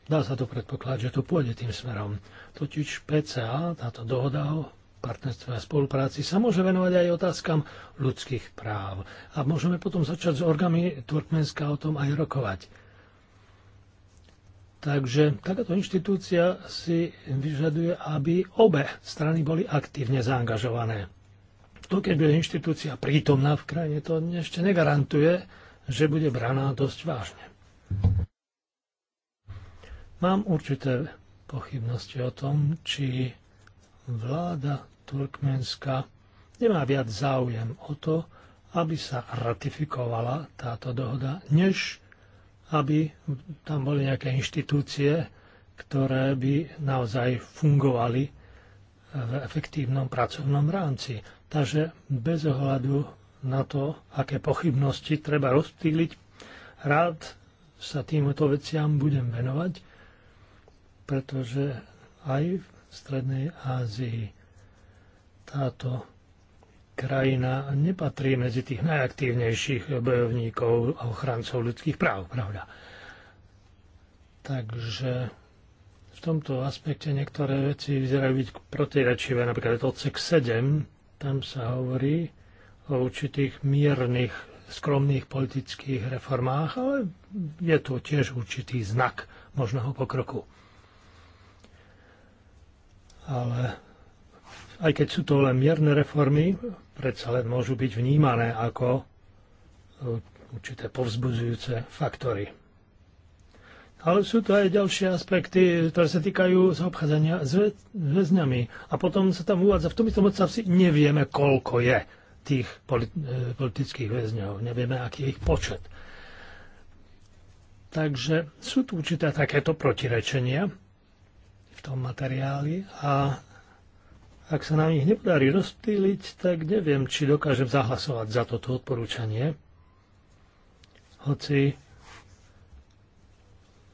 Dá sa to predpoklad, že to pôjde tým smerom. Totiž PCA, táto dohoda o partnerstve a spolupráci, sa môže venovať aj otázkam ľudských práv. A môžeme potom začať s orgami Turkmenska o tom aj rokovať. Takže takáto inštitúcia si vyžaduje, aby obe strany boli aktívne zaangažované. To, keď bude inštitúcia prítomná v krajine, to ešte negarantuje, že bude braná dosť vážne. Mám určité pochybnosti o tom, či vláda Turkmenska nemá viac záujem o to, aby sa ratifikovala táto dohoda, než aby tam boli nejaké inštitúcie, ktoré by naozaj fungovali v efektívnom pracovnom rámci. Takže bez ohľadu na to, aké pochybnosti treba rozptýliť, rád sa týmto veciam budem venovať pretože aj v Strednej Ázii táto krajina nepatrí medzi tých najaktívnejších bojovníkov a ochrancov ľudských práv, pravda. Takže v tomto aspekte niektoré veci vyzerajú byť protirečivé. Napríklad odsek 7, tam sa hovorí o určitých miernych, skromných politických reformách, ale je to tiež určitý znak možného pokroku ale aj keď sú to len mierne reformy, predsa len môžu byť vnímané ako e, určité povzbudzujúce faktory. Ale sú to aj ďalšie aspekty, ktoré sa týkajú zaobchádzania s väzňami. A potom sa tam uvádza, v tom istom odstavci nevieme, koľko je tých e, politických väzňov. Nevieme, aký je ich počet. Takže sú tu určité takéto protirečenia v tom materiáli a ak sa nám ich nepodarí rozptýliť, tak neviem, či dokážem zahlasovať za toto odporúčanie. Hoci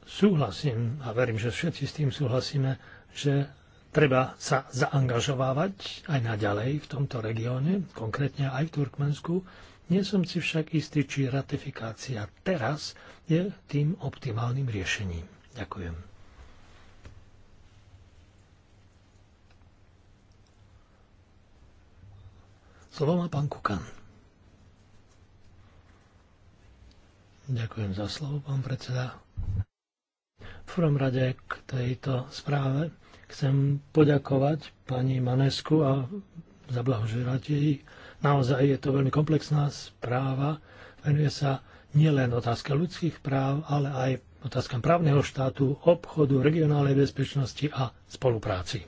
súhlasím a verím, že všetci s tým súhlasíme, že treba sa zaangažovávať aj naďalej v tomto regióne, konkrétne aj v Turkmensku. Nie som si však istý, či ratifikácia teraz je tým optimálnym riešením. Ďakujem. Slovo má pán Kukan. Ďakujem za slovo, pán predseda. V prvom rade k tejto správe chcem poďakovať pani Manesku a zablahoželať jej. Naozaj je to veľmi komplexná správa. Venuje sa nielen otázka ľudských práv, ale aj otázkam právneho štátu, obchodu, regionálnej bezpečnosti a spolupráci.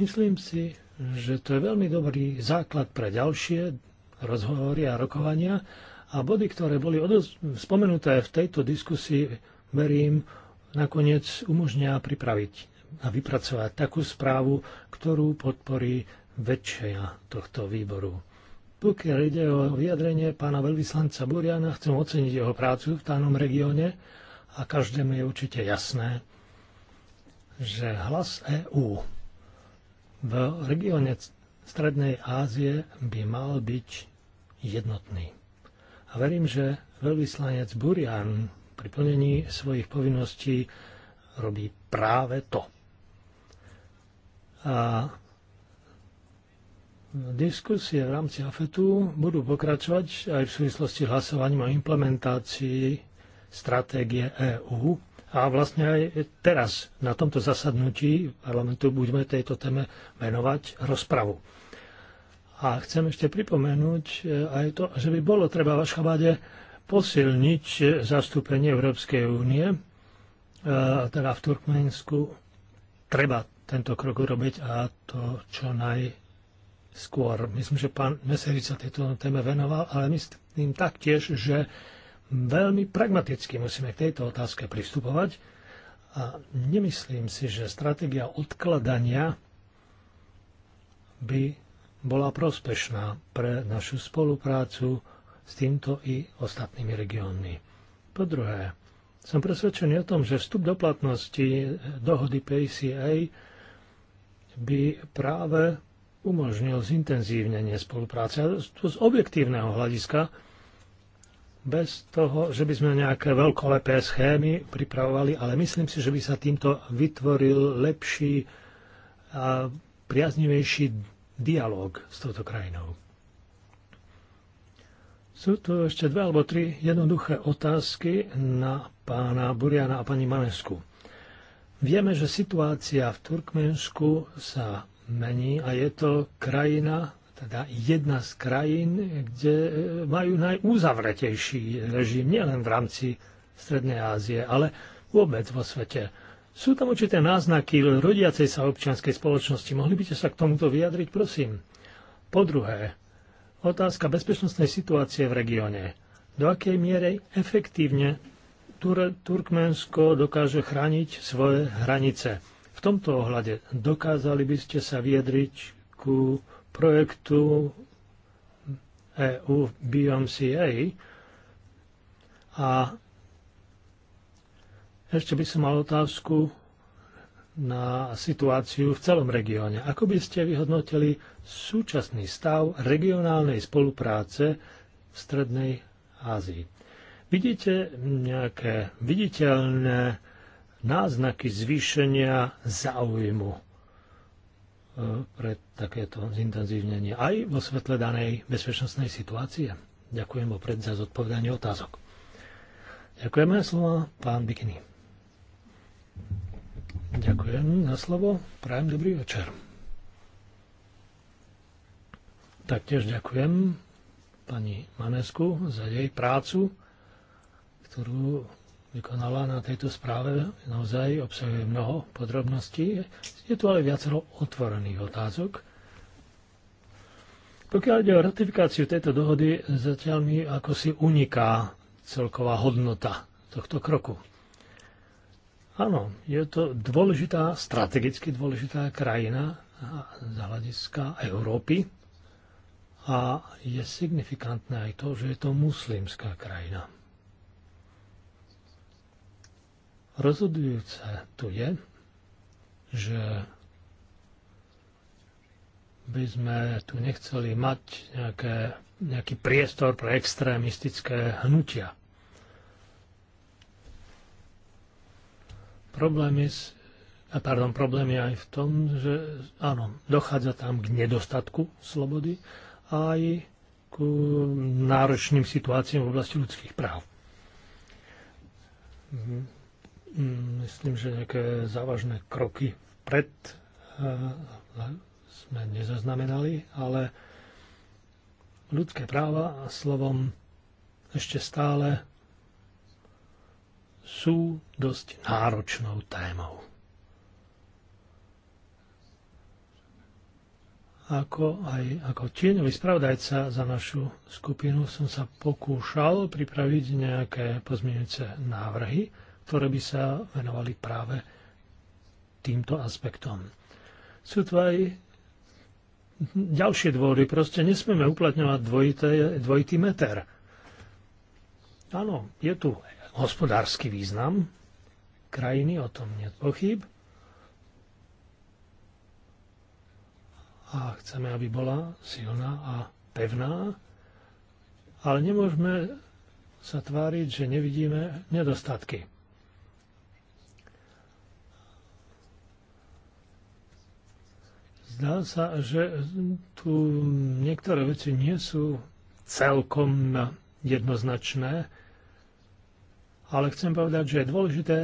Myslím si, že to je veľmi dobrý základ pre ďalšie rozhovory a rokovania a body, ktoré boli spomenuté v tejto diskusii, verím, nakoniec umožňa pripraviť a vypracovať takú správu, ktorú podporí väčšia tohto výboru. Pokiaľ ide o vyjadrenie pána veľvyslanca Buriana, chcem oceniť jeho prácu v danom regióne a každému je určite jasné, že hlas EÚ v regióne Strednej Ázie by mal byť jednotný. A verím, že veľvyslanec Burian pri plnení svojich povinností robí práve to. A diskusie v rámci AFETu budú pokračovať aj v súvislosti s hlasovaním o implementácii stratégie EÚ a vlastne aj teraz, na tomto zasadnutí parlamentu, budeme tejto téme venovať rozpravu. A chcem ešte pripomenúť e, aj to, že by bolo treba v Ašchabade posilniť zastúpenie Európskej únie, e, teda v Turkmensku. Treba tento krok urobiť a to čo najskôr. Myslím, že pán Meserica tejto téme venoval, ale myslím taktiež, že Veľmi pragmaticky musíme k tejto otázke pristupovať a nemyslím si, že stratégia odkladania by bola prospešná pre našu spoluprácu s týmto i ostatnými regiónmi. Po druhé, som presvedčený o tom, že vstup do platnosti dohody PCA by práve umožnil zintenzívnenie spolupráce. A to z objektívneho hľadiska bez toho, že by sme nejaké veľkolepé schémy pripravovali, ale myslím si, že by sa týmto vytvoril lepší a priaznivejší dialog s touto krajinou. Sú tu ešte dve alebo tri jednoduché otázky na pána Buriana a pani Manesku. Vieme, že situácia v Turkmensku sa mení a je to krajina, teda jedna z krajín, kde e, majú najúzavretejší režim nielen v rámci Strednej Ázie, ale vôbec vo svete. Sú tam určité náznaky rodiacej sa občianskej spoločnosti. Mohli by ste sa k tomuto vyjadriť, prosím? Po druhé, otázka bezpečnostnej situácie v regióne. Do akej miery efektívne Tur- Turkmensko dokáže chrániť svoje hranice? V tomto ohľade dokázali by ste sa vyjadriť ku projektu EU BMCA a ešte by som mal otázku na situáciu v celom regióne. Ako by ste vyhodnotili súčasný stav regionálnej spolupráce v Strednej Ázii? Vidíte nejaké viditeľné náznaky zvýšenia záujmu pre takéto zintenzívnenie aj vo svetle danej bezpečnostnej situácie? Ďakujem opred za zodpovedanie otázok. Ďakujeme slova pán Bikini. Ďakujem za slovo. Prajem dobrý večer. Taktiež ďakujem pani Manesku za jej prácu, ktorú vykonala na tejto správe. Naozaj obsahuje mnoho podrobností. Je tu ale viacero otvorených otázok. Pokiaľ ide o ratifikáciu tejto dohody, zatiaľ mi ako si uniká celková hodnota tohto kroku. Áno, je to dôležitá, strategicky dôležitá krajina z hľadiska Európy a je signifikantné aj to, že je to muslimská krajina. Rozhodujúce tu je, že by sme tu nechceli mať nejaké, nejaký priestor pre extrémistické hnutia. Problém je, eh, pardon, problém je aj v tom, že áno, dochádza tam k nedostatku slobody a aj k náročným situáciám v oblasti ľudských práv. Mhm. Mm, myslím, že nejaké závažné kroky pred eh, sme nezaznamenali, ale ľudské práva a slovom ešte stále sú dosť náročnou témou. Ako aj ako tieňový spravodajca za našu skupinu som sa pokúšal pripraviť nejaké pozmienujúce návrhy, ktoré by sa venovali práve týmto aspektom. Sú tu aj ďalšie dvory. Proste nesmieme uplatňovať dvojité, dvojitý meter. Áno, je tu hospodársky význam krajiny, o tom nie pochyb. A chceme, aby bola silná a pevná, ale nemôžeme sa tváriť, že nevidíme nedostatky. zdá sa, že tu niektoré veci nie sú celkom jednoznačné, ale chcem povedať, že je dôležité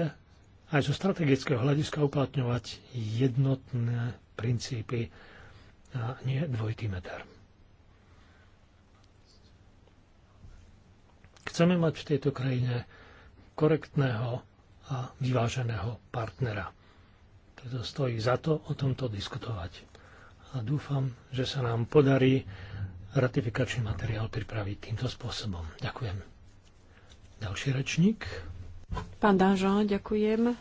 aj zo strategického hľadiska uplatňovať jednotné princípy a nie dvojitý meter. Chceme mať v tejto krajine korektného a vyváženého partnera. Preto stojí za to o tomto diskutovať a dúfam, že sa nám podarí ratifikačný materiál pripraviť týmto spôsobom. Ďakujem. Ďalší rečník. Pán Danžo, ďakujem.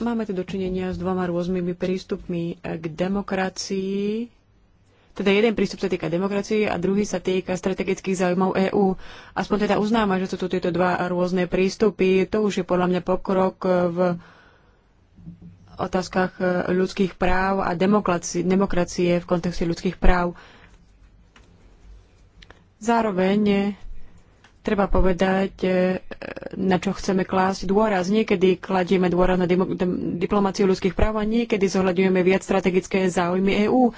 Máme tu dočinenia s dvoma rôznymi prístupmi k demokracii. Teda jeden prístup sa týka demokracie a druhý sa týka strategických záujmov EÚ. Aspoň teda uznáme, že sú tu tieto dva rôzne prístupy. To už je podľa mňa pokrok v otázkach e, ľudských práv a demokracie, demokracie v kontexte ľudských práv. Zároveň e, treba povedať, e, na čo chceme klásť dôraz. Niekedy kladieme dôraz na diplomáciu ľudských práv a niekedy zohľadňujeme viac strategické záujmy EÚ,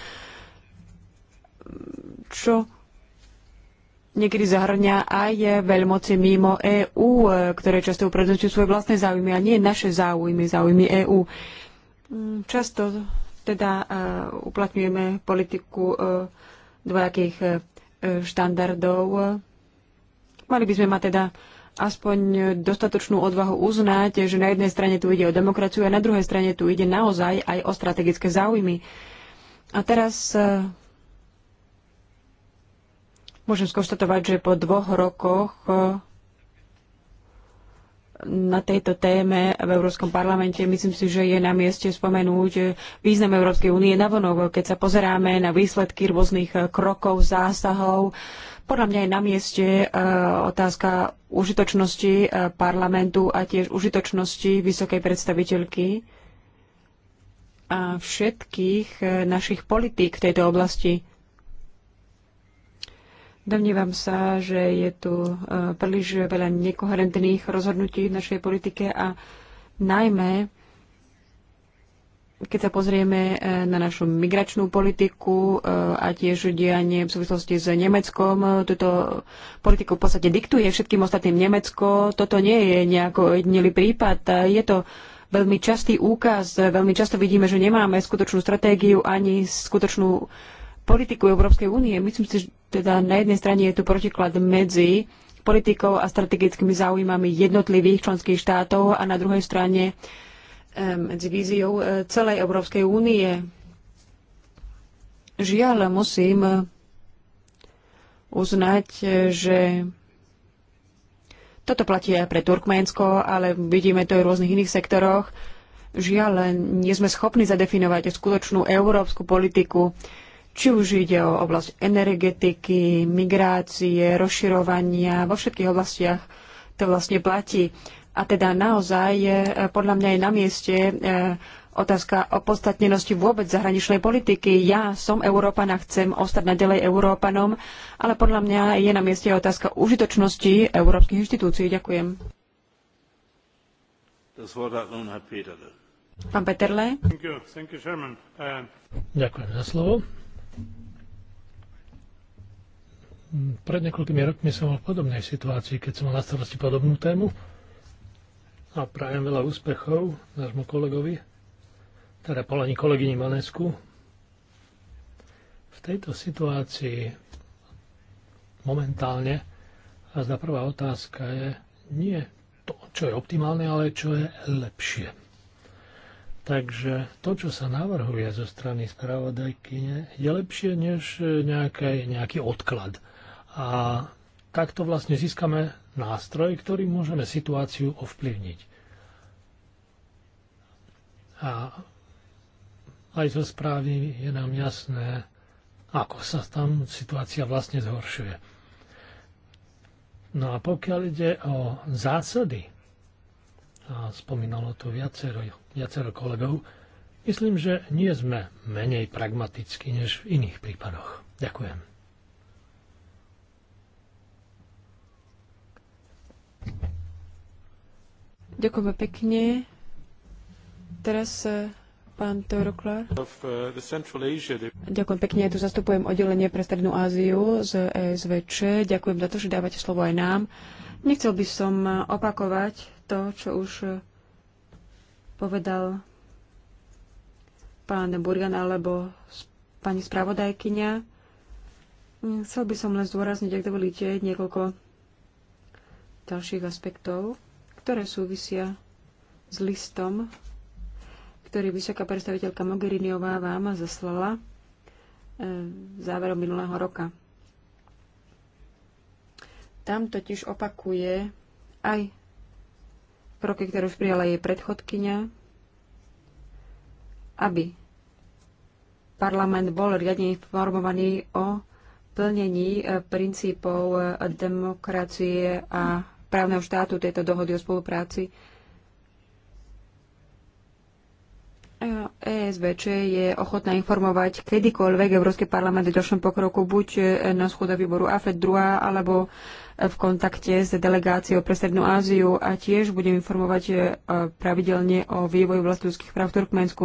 čo niekedy zahrňa aj veľmoci mimo EÚ, ktoré často upredzujú svoje vlastné záujmy a nie naše záujmy, záujmy EÚ. Mm, často teda e, uplatňujeme politiku e, dvojakých e, štandardov. Mali by sme mať teda aspoň dostatočnú odvahu uznať, že na jednej strane tu ide o demokraciu a na druhej strane tu ide naozaj aj o strategické záujmy. A teraz môžem skonštatovať, že po dvoch rokoch na tejto téme v Európskom parlamente. Myslím si, že je na mieste spomenúť význam Európskej únie na vonok, keď sa pozeráme na výsledky rôznych krokov, zásahov. Podľa mňa je na mieste e, otázka užitočnosti e, parlamentu a tiež užitočnosti vysokej predstaviteľky a všetkých e, našich politík v tejto oblasti Domnívam sa, že je tu e, príliš veľa nekoherentných rozhodnutí v našej politike a najmä, keď sa pozrieme e, na našu migračnú politiku e, a tiež dianie v súvislosti s Nemeckom, túto politiku v podstate diktuje všetkým ostatným Nemecko. Toto nie je nejako jedinelý prípad. Je to veľmi častý úkaz. Veľmi často vidíme, že nemáme skutočnú stratégiu ani skutočnú politiku Európskej únie. Myslím si, teda na jednej strane je tu protiklad medzi politikou a strategickými záujmami jednotlivých členských štátov a na druhej strane medzi víziou e, celej Európskej únie. Žiaľ, musím e, uznať, e, že toto platí aj pre Turkménsko, ale vidíme to aj v rôznych iných sektoroch. Žiaľ, nie sme schopní zadefinovať skutočnú európsku politiku či už ide o oblasť energetiky, migrácie, rozširovania, vo všetkých oblastiach to vlastne platí. A teda naozaj je, e, podľa mňa je na mieste e, otázka o podstatnenosti vôbec zahraničnej politiky. Ja som Európan a chcem ostať naďalej Európanom, ale podľa mňa je na mieste otázka užitočnosti európskych inštitúcií. Ďakujem. Pán Peterle. Uh, Ďakujem za slovo. Pred niekoľkými rokmi som bol v podobnej situácii, keď som mal na starosti podobnú tému a prajem veľa úspechov nášmu kolegovi, teda polani kolegyni Manesku. V tejto situácii momentálne a zda prvá otázka je nie to, čo je optimálne, ale čo je lepšie. Takže to, čo sa navrhuje zo strany spravodajkyne, je lepšie než nejaký, nejaký odklad. A takto vlastne získame nástroj, ktorým môžeme situáciu ovplyvniť. A aj zo správy je nám jasné, ako sa tam situácia vlastne zhoršuje. No a pokiaľ ide o zásady, a spomínalo to viacero, viacero kolegov, myslím, že nie sme menej pragmatickí než v iných prípadoch. Ďakujem. Ďakujeme pekne. Teraz e, pán Teoroklár. E, Ďakujem pekne, ja tu zastupujem oddelenie pre Strednú Áziu z ESVČ. Ďakujem za to, že dávate slovo aj nám. Nechcel by som e, opakovať to, čo už povedal pán Burgan alebo pani spravodajkyňa. Chcel by som len zdôrazniť, ak dovolíte, niekoľko ďalších aspektov ktoré súvisia s listom, ktorý vysoká predstaviteľka Mogheriniová vám zaslala e, záverom minulého roka. Tam totiž opakuje aj kroky, ktoré už prijala jej predchodkynia, aby parlament bol riadne informovaný o plnení e, princípov e, demokracie a právneho štátu tejto dohody o spolupráci. ESVČ je ochotná informovať kedykoľvek Európsky parlament o ďalšom pokroku, buď e, na schôdach výboru AFED 2, alebo e, v kontakte s delegáciou pre Strednú Áziu a tiež budem informovať e, pravidelne o vývoji vlastných práv v Turkmensku.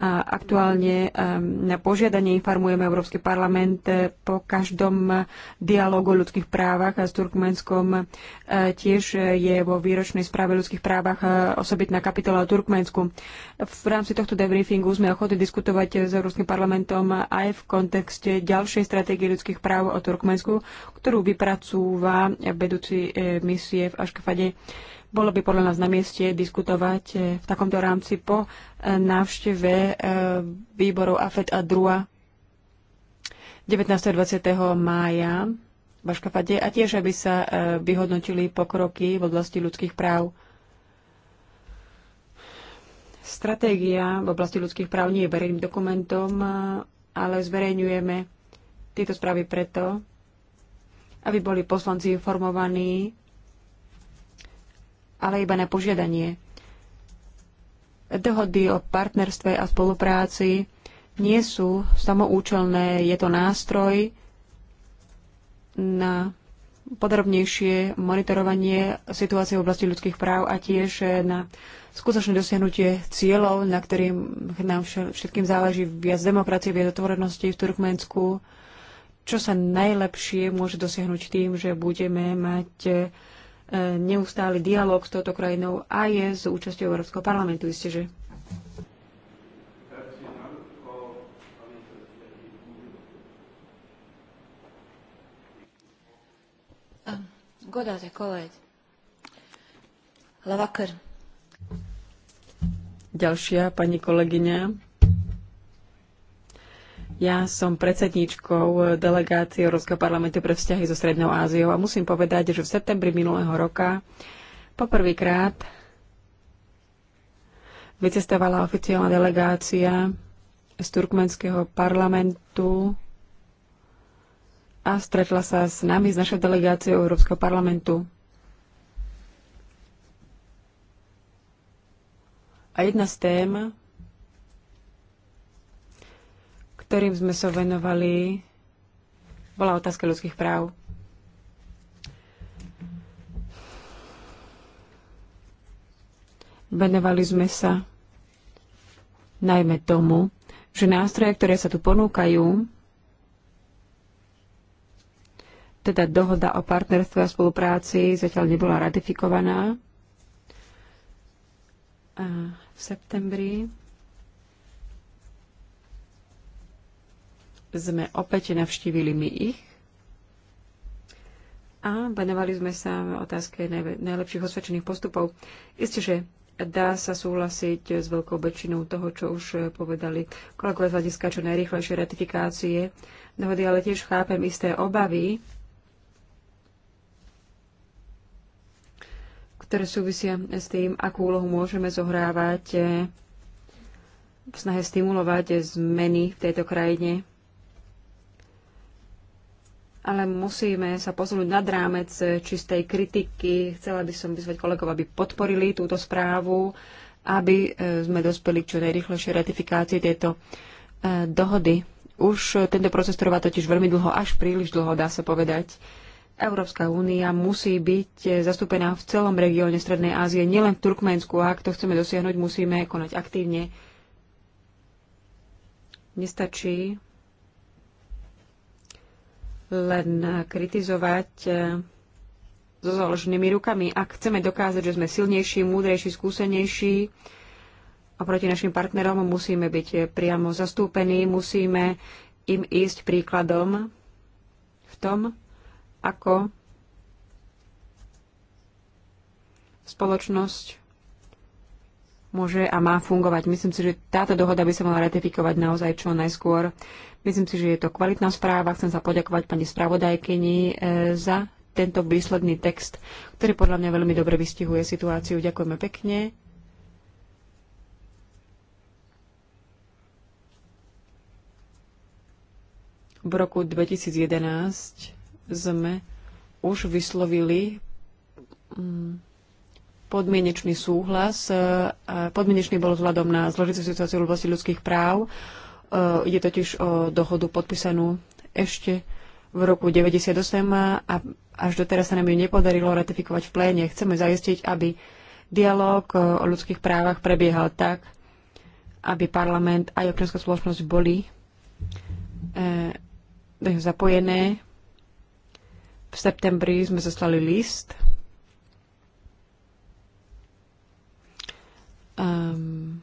A aktuálne ehm, na požiadanie informujeme Európsky parlament eh, po každom dialogu o ľudských právach s Turkmenskom. Eh, tiež eh, je vo výročnej správe o ľudských právach osobitná kapitola o Turkmensku. V rámci tohto debriefingu sme ochotní diskutovať s Európskym parlamentom aj v kontexte ďalšej stratégie ľudských práv o Turkmensku, ktorú vypracúva vedúci misie v Aškafade bolo by podľa nás na mieste diskutovať e, v takomto rámci po e, návšteve e, výborov AFED a DRUA 19. a 20. mája v Aškafade a tiež, aby sa vyhodnotili pokroky v oblasti ľudských práv. Stratégia v oblasti ľudských práv nie je verejným dokumentom, ale zverejňujeme tieto správy preto, aby boli poslanci informovaní ale iba na požiadanie. Dohody o partnerstve a spolupráci nie sú samoučelné, je to nástroj na podrobnejšie monitorovanie situácie v oblasti ľudských práv a tiež na skutočné dosiahnutie cieľov, na ktorým nám všetkým záleží viac demokracie, viac otvorenosti v Turkmensku, čo sa najlepšie môže dosiahnuť tým, že budeme mať neustály dialog s touto krajinou a je s účasťou Európskeho parlamentu, isté, že? Godātie kolēģi, labvakar! Ďalšia pani kolegyňa. Ja som predsedníčkou eh, delegácie Európskeho parlamentu pre vzťahy so Strednou Áziou a musím povedať, že v septembri minulého roka poprvýkrát vycestovala oficiálna delegácia z turkmenského parlamentu a stretla sa s nami, s našou delegáciou Európskeho parlamentu. A jedna z tém, ktorým sme sa venovali, bola otázka ľudských práv. Venovali sme sa najmä tomu, že nástroje, ktoré sa tu ponúkajú, teda dohoda o partnerstve a spolupráci zatiaľ nebola ratifikovaná v septembri sme opäť navštívili my ich a venovali sme sa otázke najlepších osvedčených postupov. Isté, že dá sa súhlasiť s veľkou väčšinou toho, čo už povedali kolegové z hľadiska čo najrýchlejšie ratifikácie dohody, ale tiež chápem isté obavy, ktoré súvisia s tým, akú úlohu môžeme zohrávať v snahe stimulovať zmeny v tejto krajine ale musíme sa posunúť nad rámec eh, čistej kritiky. Chcela by som vyzvať kolegov, aby podporili túto správu, aby eh, sme dospeli k čo najrychlejšej ratifikácii tejto eh, dohody. Už tento proces trvá totiž veľmi dlho, až príliš dlho, dá sa povedať. Európska únia musí byť zastúpená v celom regióne Strednej Ázie, nielen v Turkmensku. A ak to chceme dosiahnuť, musíme konať aktívne. Nestačí len kritizovať e, so založenými rukami. Ak chceme dokázať, že sme silnejší, múdrejší, skúsenejší, oproti našim partnerom musíme byť priamo zastúpení, musíme im ísť príkladom v tom, ako spoločnosť môže a má fungovať. Myslím si, že táto dohoda by sa mala ratifikovať naozaj čo najskôr. Myslím si, že je to kvalitná správa. Chcem sa poďakovať pani spravodajkyni e, za tento výsledný text, ktorý podľa mňa veľmi dobre vystihuje situáciu. Ďakujeme pekne. V roku 2011 sme už vyslovili mm, podmienečný súhlas. E, podmienečný bol vzhľadom na zložitú situáciu v oblasti ľudských práv E, ide totiž o dohodu podpísanú ešte v roku 1998 a až doteraz sa nám ju nepodarilo ratifikovať v pléne. Chceme zaistiť, aby dialog e, o ľudských právach prebiehal tak, aby parlament a občianská spoločnosť boli e, zapojené. V septembri sme zaslali list um,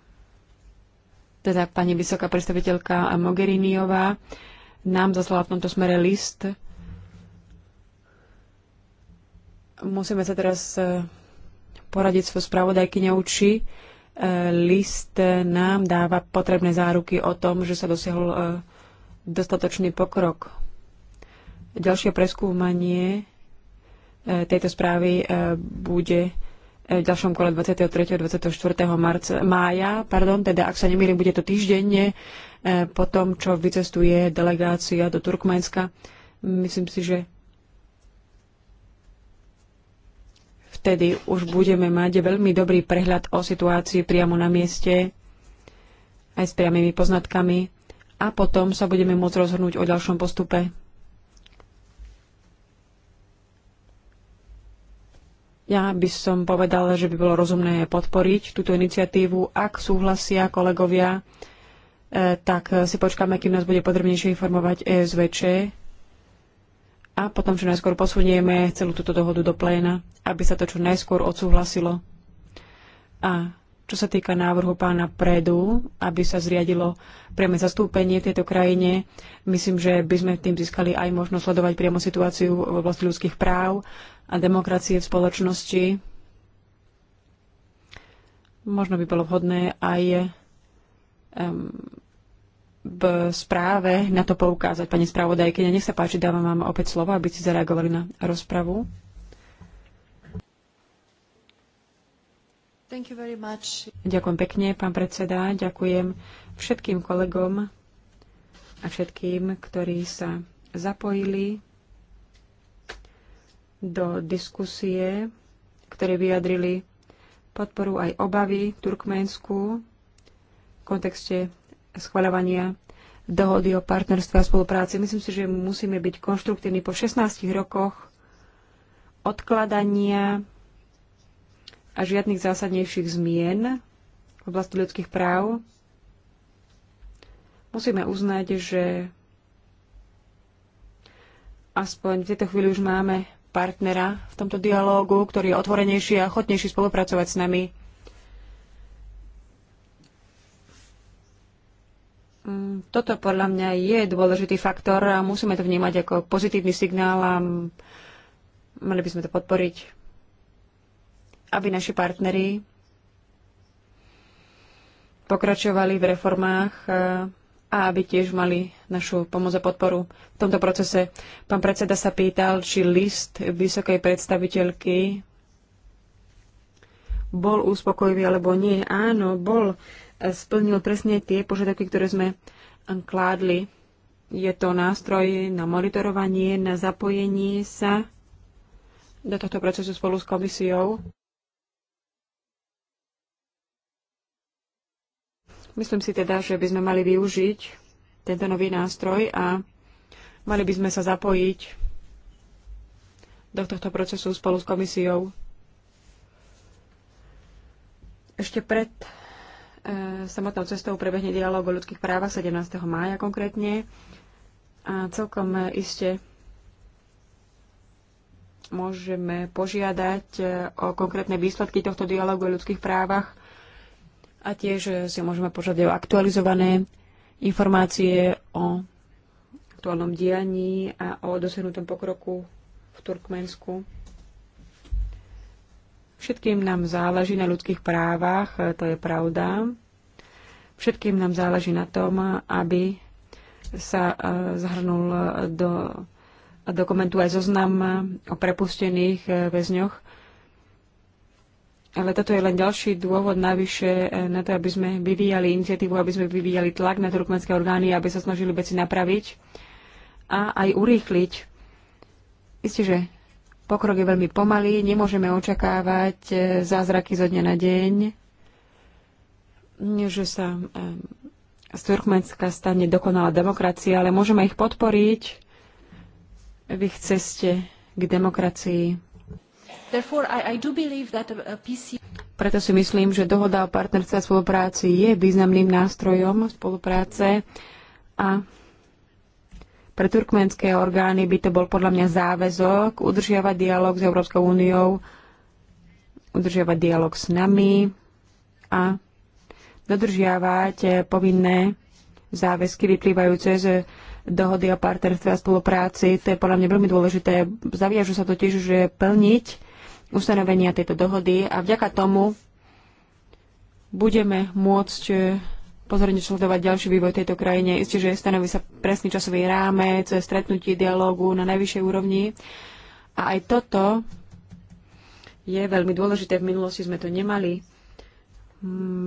teda pani vysoká predstaviteľka Mogheriniová nám zaslala v tomto smere list. Musíme sa teraz e, poradiť svoj spravodajky či e, list nám dáva potrebné záruky o tom, že sa dosiahol e, dostatočný pokrok. Ďalšie preskúmanie tejto správy bude v ďalšom kole 23. a 24. Marca, mája, pardon, teda ak sa nemýlim, bude to týždenne eh, po tom, čo vycestuje delegácia do Turkmenska. Myslím si, že vtedy už budeme mať veľmi dobrý prehľad o situácii priamo na mieste, aj s priamými poznatkami a potom sa budeme môcť rozhodnúť o ďalšom postupe. Ja by som povedala, že by bolo rozumné podporiť túto iniciatívu. Ak súhlasia kolegovia, e, tak si počkáme, kým nás bude podrobnejšie informovať ESVČ a potom čo najskôr posunieme celú túto dohodu do pléna, aby sa to čo najskôr odsúhlasilo. A čo sa týka návrhu pána Predu, aby sa zriadilo priame zastúpenie tejto krajine, myslím, že by sme tým získali aj možnosť sledovať priamo situáciu v oblasti ľudských práv a demokracie v spoločnosti. Možno by bolo vhodné aj um, v správe na to poukázať. Pani spravodajkyňa, nech sa páči, dávam vám opäť slovo, aby ste zareagovali na rozpravu. Ďakujem pekne, pán predseda. Ďakujem všetkým kolegom a všetkým, ktorí sa zapojili do diskusie, ktoré vyjadrili podporu aj obavy Turkménsku v kontekste schvaľovania dohody o partnerstve a spolupráci. Myslím si, že musíme byť konštruktívni po 16 rokoch odkladania a žiadnych zásadnejších zmien v oblasti ľudských práv, musíme uznať, že aspoň v tejto chvíli už máme partnera v tomto dialógu, ktorý je otvorenejší a ochotnejší spolupracovať s nami. Mm, toto podľa mňa je dôležitý faktor a musíme to vnímať ako pozitívny signál a mali by sme to podporiť aby naši partneri pokračovali v reformách e, a aby tiež mali našu pomoc a podporu v tomto procese. Pán predseda sa pýtal, či list vysokej predstaviteľky bol uspokojivý alebo nie. Áno, bol. E, splnil presne tie požiadavky, ktoré sme kládli. Je to nástroj na monitorovanie, na zapojenie sa do tohto procesu spolu s komisiou. Myslím si teda, že by sme mali využiť tento nový nástroj a mali by sme sa zapojiť do tohto procesu spolu s komisiou. Ešte pred e, samotnou cestou prebehne dialog o ľudských právach 17. mája konkrétne a celkom iste môžeme požiadať e, o konkrétne výsledky tohto dialogu o ľudských právach a tiež si môžeme požiadať o aktualizované informácie o aktuálnom dianí a o dosiahnutom pokroku v Turkmensku. Všetkým nám záleží na ľudských právach, to je pravda. Všetkým nám záleží na tom, aby sa e, zhrnul do dokumentu aj zoznam o prepustených e, väzňoch ale toto je len ďalší dôvod navyše eh, na to, aby sme vyvíjali iniciatívu, aby sme vyvíjali tlak na turkmenské orgány, aby sa snažili veci napraviť a aj urýchliť. Isté, že pokrok je veľmi pomalý, nemôžeme očakávať eh, zázraky zo dňa na deň, že sa eh, z Turkmenska stane dokonalá demokracia, ale môžeme ich podporiť v ich ceste k demokracii. Preto si myslím, že dohoda o partnerstve a spolupráci je významným nástrojom spolupráce a pre turkmenské orgány by to bol podľa mňa záväzok udržiavať dialog s Európskou úniou, udržiavať dialog s nami a dodržiavať povinné záväzky vyplývajúce z dohody o partnerstve a spolupráci. To je podľa mňa veľmi dôležité. Zaviažu sa totiž, že plniť ustanovenia tejto dohody a vďaka tomu budeme môcť eh, pozorne sledovať ďalší vývoj tejto krajine. Isté, že stanoví sa presný časový rámec, stretnutie dialógu na najvyššej úrovni. A aj toto je veľmi dôležité. V minulosti sme to nemali.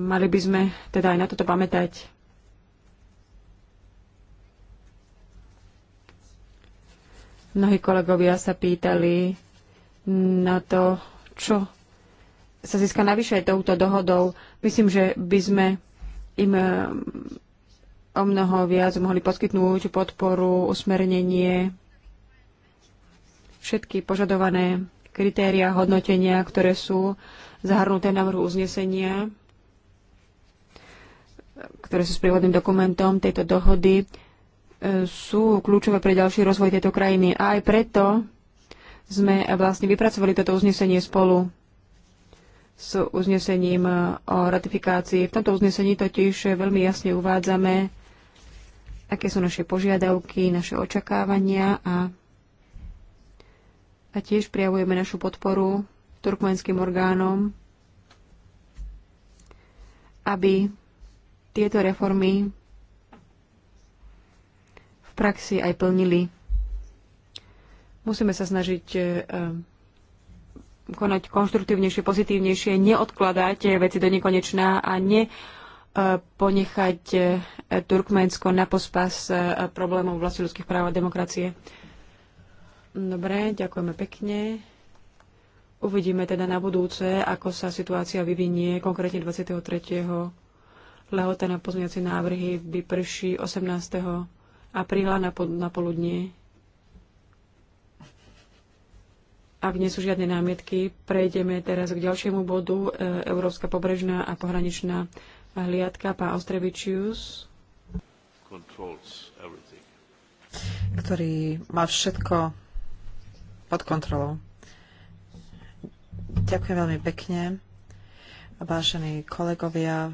Mali by sme teda aj na toto pamätať. Mnohí kolegovia sa pýtali, na to, čo sa získa navyše touto dohodou. Myslím, že by sme im eh, o mnoho viac mohli poskytnúť podporu, usmernenie, všetky požadované kritéria hodnotenia, ktoré sú zahrnuté na vrhu uznesenia, ktoré sú sprievodným dokumentom tejto dohody, eh, sú kľúčové pre ďalší rozvoj tejto krajiny. A aj preto sme vlastne vypracovali toto uznesenie spolu s uznesením o ratifikácii. V tomto uznesení totiž veľmi jasne uvádzame, aké sú naše požiadavky, naše očakávania a, a tiež prijavujeme našu podporu turkmenským orgánom, aby tieto reformy v praxi aj plnili. Musíme sa snažiť e, e, konať konštruktívnejšie, pozitívnejšie, neodkladať veci do nekonečná a ne e, ponechať Turkménsko na pospas problémov vlasti ľudských práv a demokracie. Dobre, ďakujeme pekne. Uvidíme teda na budúce, ako sa situácia vyvinie, konkrétne 23. Lehota na pozmeňovacie návrhy vyprší 18. apríla na, po, na poludnie. Ak nie sú žiadne námietky, prejdeme teraz k ďalšiemu bodu. E, Európska pobrežná a pohraničná hliadka, pán Ostrevičius. Ktorý má všetko pod kontrolou. Ďakujem veľmi pekne. Vážení kolegovia,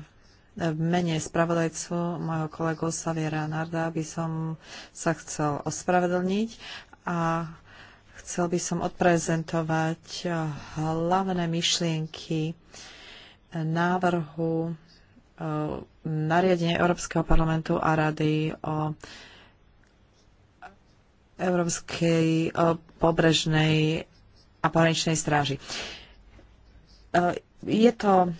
v mene spravodajcu môjho kolegu Saviera Narda by som sa chcel ospravedlniť a Chcel by som odprezentovať eh, hlavné myšlienky návrhu eh, nariadenia Európskeho parlamentu a rady o Európskej eh, pobrežnej a pohraničnej stráži. Je to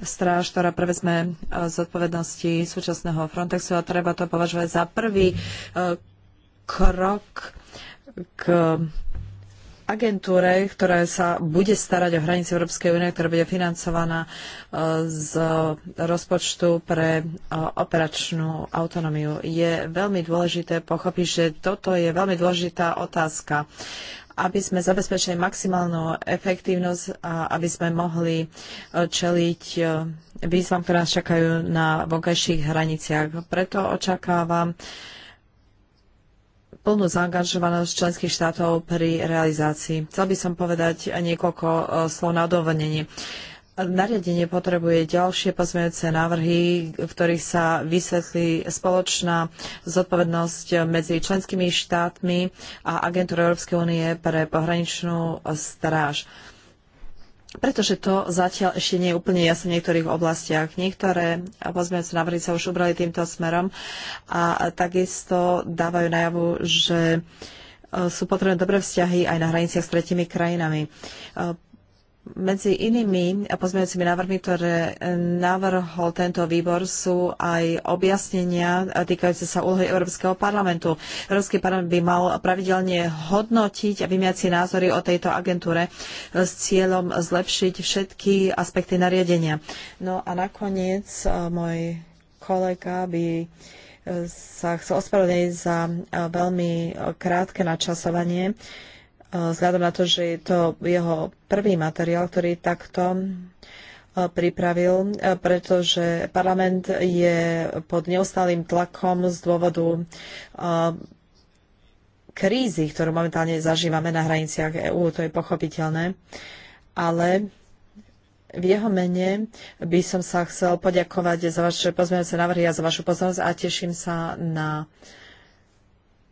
stráž, ktorá prevezme zodpovednosti súčasného Frontexu a treba to považovať za prvý krok k agentúre, ktorá sa bude starať o hranice Európskej únie, ktorá bude financovaná e, z rozpočtu pre e, operačnú autonómiu. Je veľmi dôležité pochopiť, že toto je veľmi dôležitá otázka aby sme zabezpečili maximálnu efektívnosť a aby sme mohli e, čeliť výzvam, ktoré nás čakajú na vonkajších hraniciach. Preto očakávam, plnú zaangažovanosť členských štátov pri realizácii. Chcel by som povedať niekoľko e, slov na dovolenie. Nariadenie potrebuje ďalšie pozmeňujúce návrhy, v ktorých sa vysvetlí spoločná zodpovednosť medzi členskými štátmi a agentúrou Európskej únie pre pohraničnú stráž pretože to zatiaľ ešte nie je úplne jasné v niektorých oblastiach. Niektoré pozmeňujúce návrhy sa už ubrali týmto smerom a takisto dávajú najavu, že e, sú potrebné dobré vzťahy aj na hraniciach s tretimi krajinami. E, medzi inými pozmeňujúcimi návrhmi, ktoré e, navrhol tento výbor, sú aj objasnenia e, týkajúce sa úlohy Európskeho parlamentu. Európsky parlament by mal pravidelne hodnotiť a vymiať si názory o tejto agentúre e, s cieľom zlepšiť všetky aspekty nariadenia. No a nakoniec môj kolega by sa chcel ospravedlniť za veľmi krátke načasovanie vzhľadom na to, že je to jeho prvý materiál, ktorý takto e, pripravil, e, pretože parlament je pod neustálým tlakom z dôvodu e, krízy, ktorú momentálne zažívame na hraniciach EÚ, to je pochopiteľné, ale v jeho mene by som sa chcel poďakovať za vaše pozmeňujúce návrhy a za vašu pozornosť a teším sa na uh,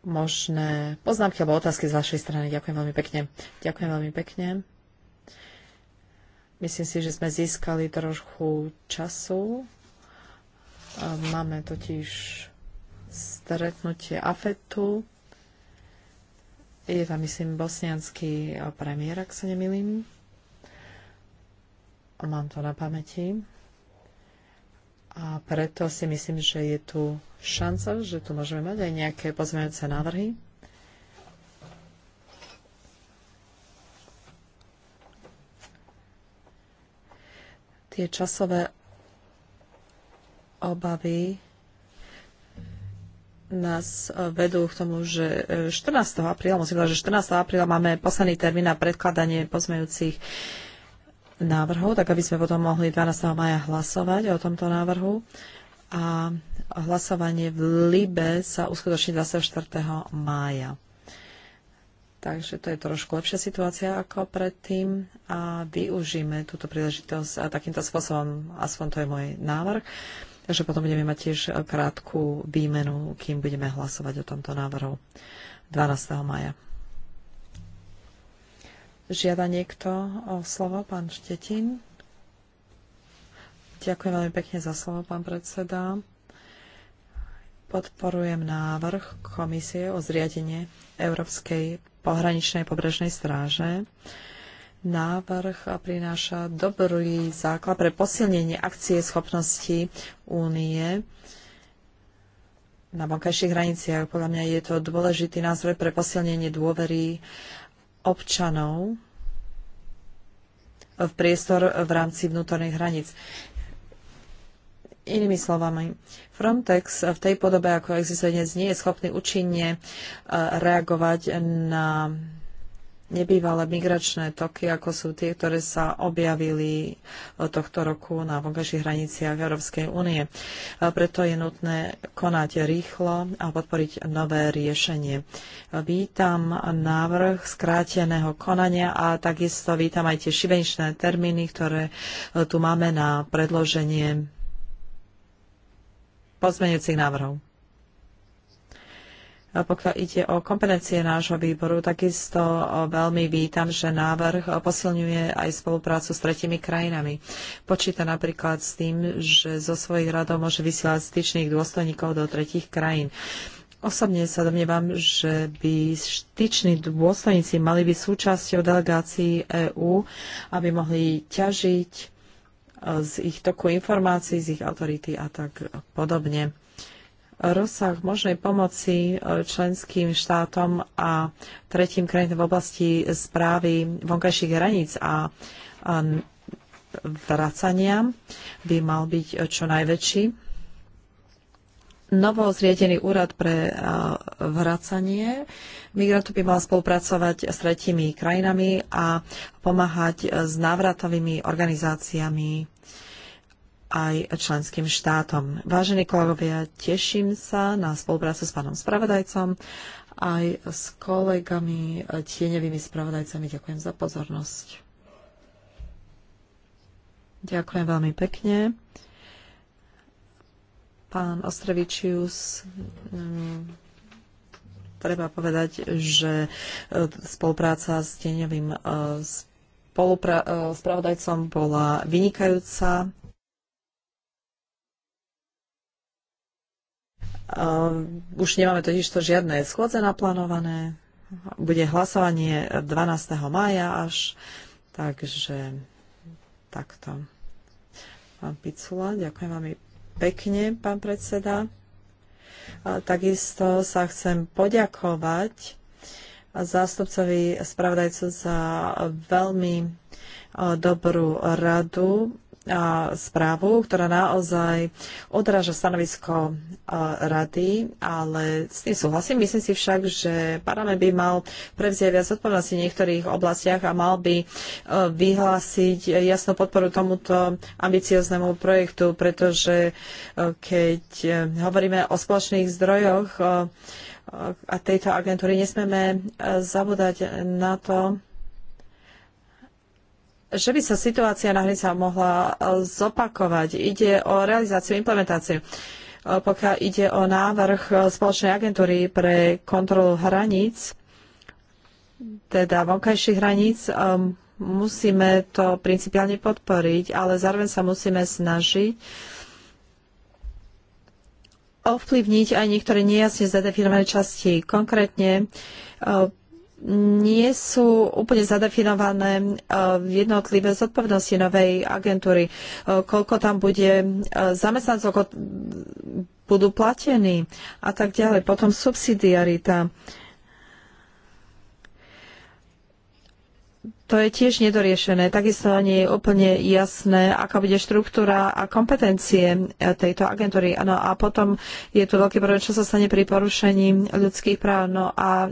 možné poznámky alebo otázky z vašej strany. Ďakujem veľmi pekne. Ďakujem veľmi pekne. Myslím si, že sme získali trochu času. Máme totiž stretnutie AFETu. Je tam, myslím, bosnianský premiér, ak sa nemýlim. Mám to na pamäti. A preto si myslím, že je tu šanca, že tu môžeme mať aj nejaké pozmeňujúce návrhy. Tie časové obavy nás eh, vedú k tomu, že 14. Eh, apríla, musím povedať, že 14. apríla máme posledný termín na predkladanie pozmejúcich návrhov, tak aby sme potom mohli 12. maja hlasovať o tomto návrhu. A Hlasovanie v Libe sa uskutoční 24. mája. Takže to je trošku lepšia situácia ako predtým a využíme túto príležitosť a takýmto spôsobom, aspoň to je môj návrh. Takže potom budeme mať tiež krátku výmenu, kým budeme hlasovať o tomto návrhu 12. maja. Žiada niekto o slovo, pán Štetín? Ďakujem veľmi pekne za slovo, pán predseda. Podporujem návrh komisie o zriadenie Európskej pohraničnej pobrežnej stráže. Návrh prináša dobrý základ pre posilnenie akcie schopnosti únie na vonkajších hraniciach. Podľa mňa je to dôležitý nástroj pre posilnenie dôvery občanov v priestor v rámci vnútorných hraníc. Inými slovami, Frontex v tej podobe, ako existuje dnes, nie je schopný účinne e, reagovať na nebývalé migračné toky, ako sú tie, ktoré sa objavili e, tohto roku na vonkajších hraniciach Európskej únie. E, preto je nutné konať rýchlo a podporiť nové riešenie. Vítam návrh skráteného konania a takisto vítam aj tie šibeničné termíny, ktoré tu máme na predloženie pozmeňujúcich návrhov. A pokiaľ ide o kompetencie nášho výboru, takisto veľmi vítam, že návrh posilňuje aj spoluprácu s tretimi krajinami. Počíta napríklad s tým, že zo svojich radov môže vysielať styčných dôstojníkov do tretich krajín. Osobne sa domnievam, že by štyční dôstojníci mali byť súčasťou delegácií EÚ, aby mohli ťažiť z ich toku informácií, z ich autority a tak podobne. Rozsah možnej pomoci e, členským štátom a tretím krajinám v oblasti správy vonkajších hraníc a, a vracania by mal byť e, čo najväčší novo zriedený úrad pre vracanie migrantov by mal spolupracovať s tretími krajinami a pomáhať s návratovými organizáciami aj členským štátom. Vážení kolegovia, teším sa na spoluprácu s pánom spravodajcom aj s kolegami tieňovými spravodajcami. Ďakujem za pozornosť. Ďakujem veľmi pekne. Pán Ostrevičius, mm, treba povedať, že e, spolupráca s tieňovým e, e, spravodajcom bola vynikajúca. Už nemáme totiž to žiadne schôdze naplánované. Bude hlasovanie 12. mája až, takže takto. Pán Picula, ďakujem vám pekne, pán predseda. A takisto sa chcem poďakovať zástupcovi spravodajcu za veľmi dobrú radu správu, ktorá naozaj odráža stanovisko rady, ale s tým súhlasím. Myslím si však, že parlament by mal prevziať viac odpovednosti v niektorých oblastiach a mal by e, vyhlásiť jasnú podporu tomuto ambicioznému projektu, pretože e, keď e, hovoríme o spoločných zdrojoch a tejto agentúry, nesmeme zabúdať na to, že by sa situácia na hranicách mohla eh, zopakovať. Ide o realizáciu, implementáciu. Eh, pokiaľ ide o návrh eh, spoločnej agentúry pre kontrolu hraníc, teda vonkajších hraníc, musíme to principiálne podporiť, ale zároveň sa musíme snažiť ovplyvniť aj niektoré nejasne zadefinované časti. Konkrétne nie sú úplne zadefinované e, jednotlivé zodpovednosti novej agentúry. E, koľko tam bude e, zamestnancov, ako budú platení a tak ďalej. Potom subsidiarita to je tiež nedoriešené. Takisto nie je úplne jasné, aká bude štruktúra a kompetencie e, tejto agentúry. Ano, a potom je tu veľký problém, čo sa stane pri porušení ľudských práv. No a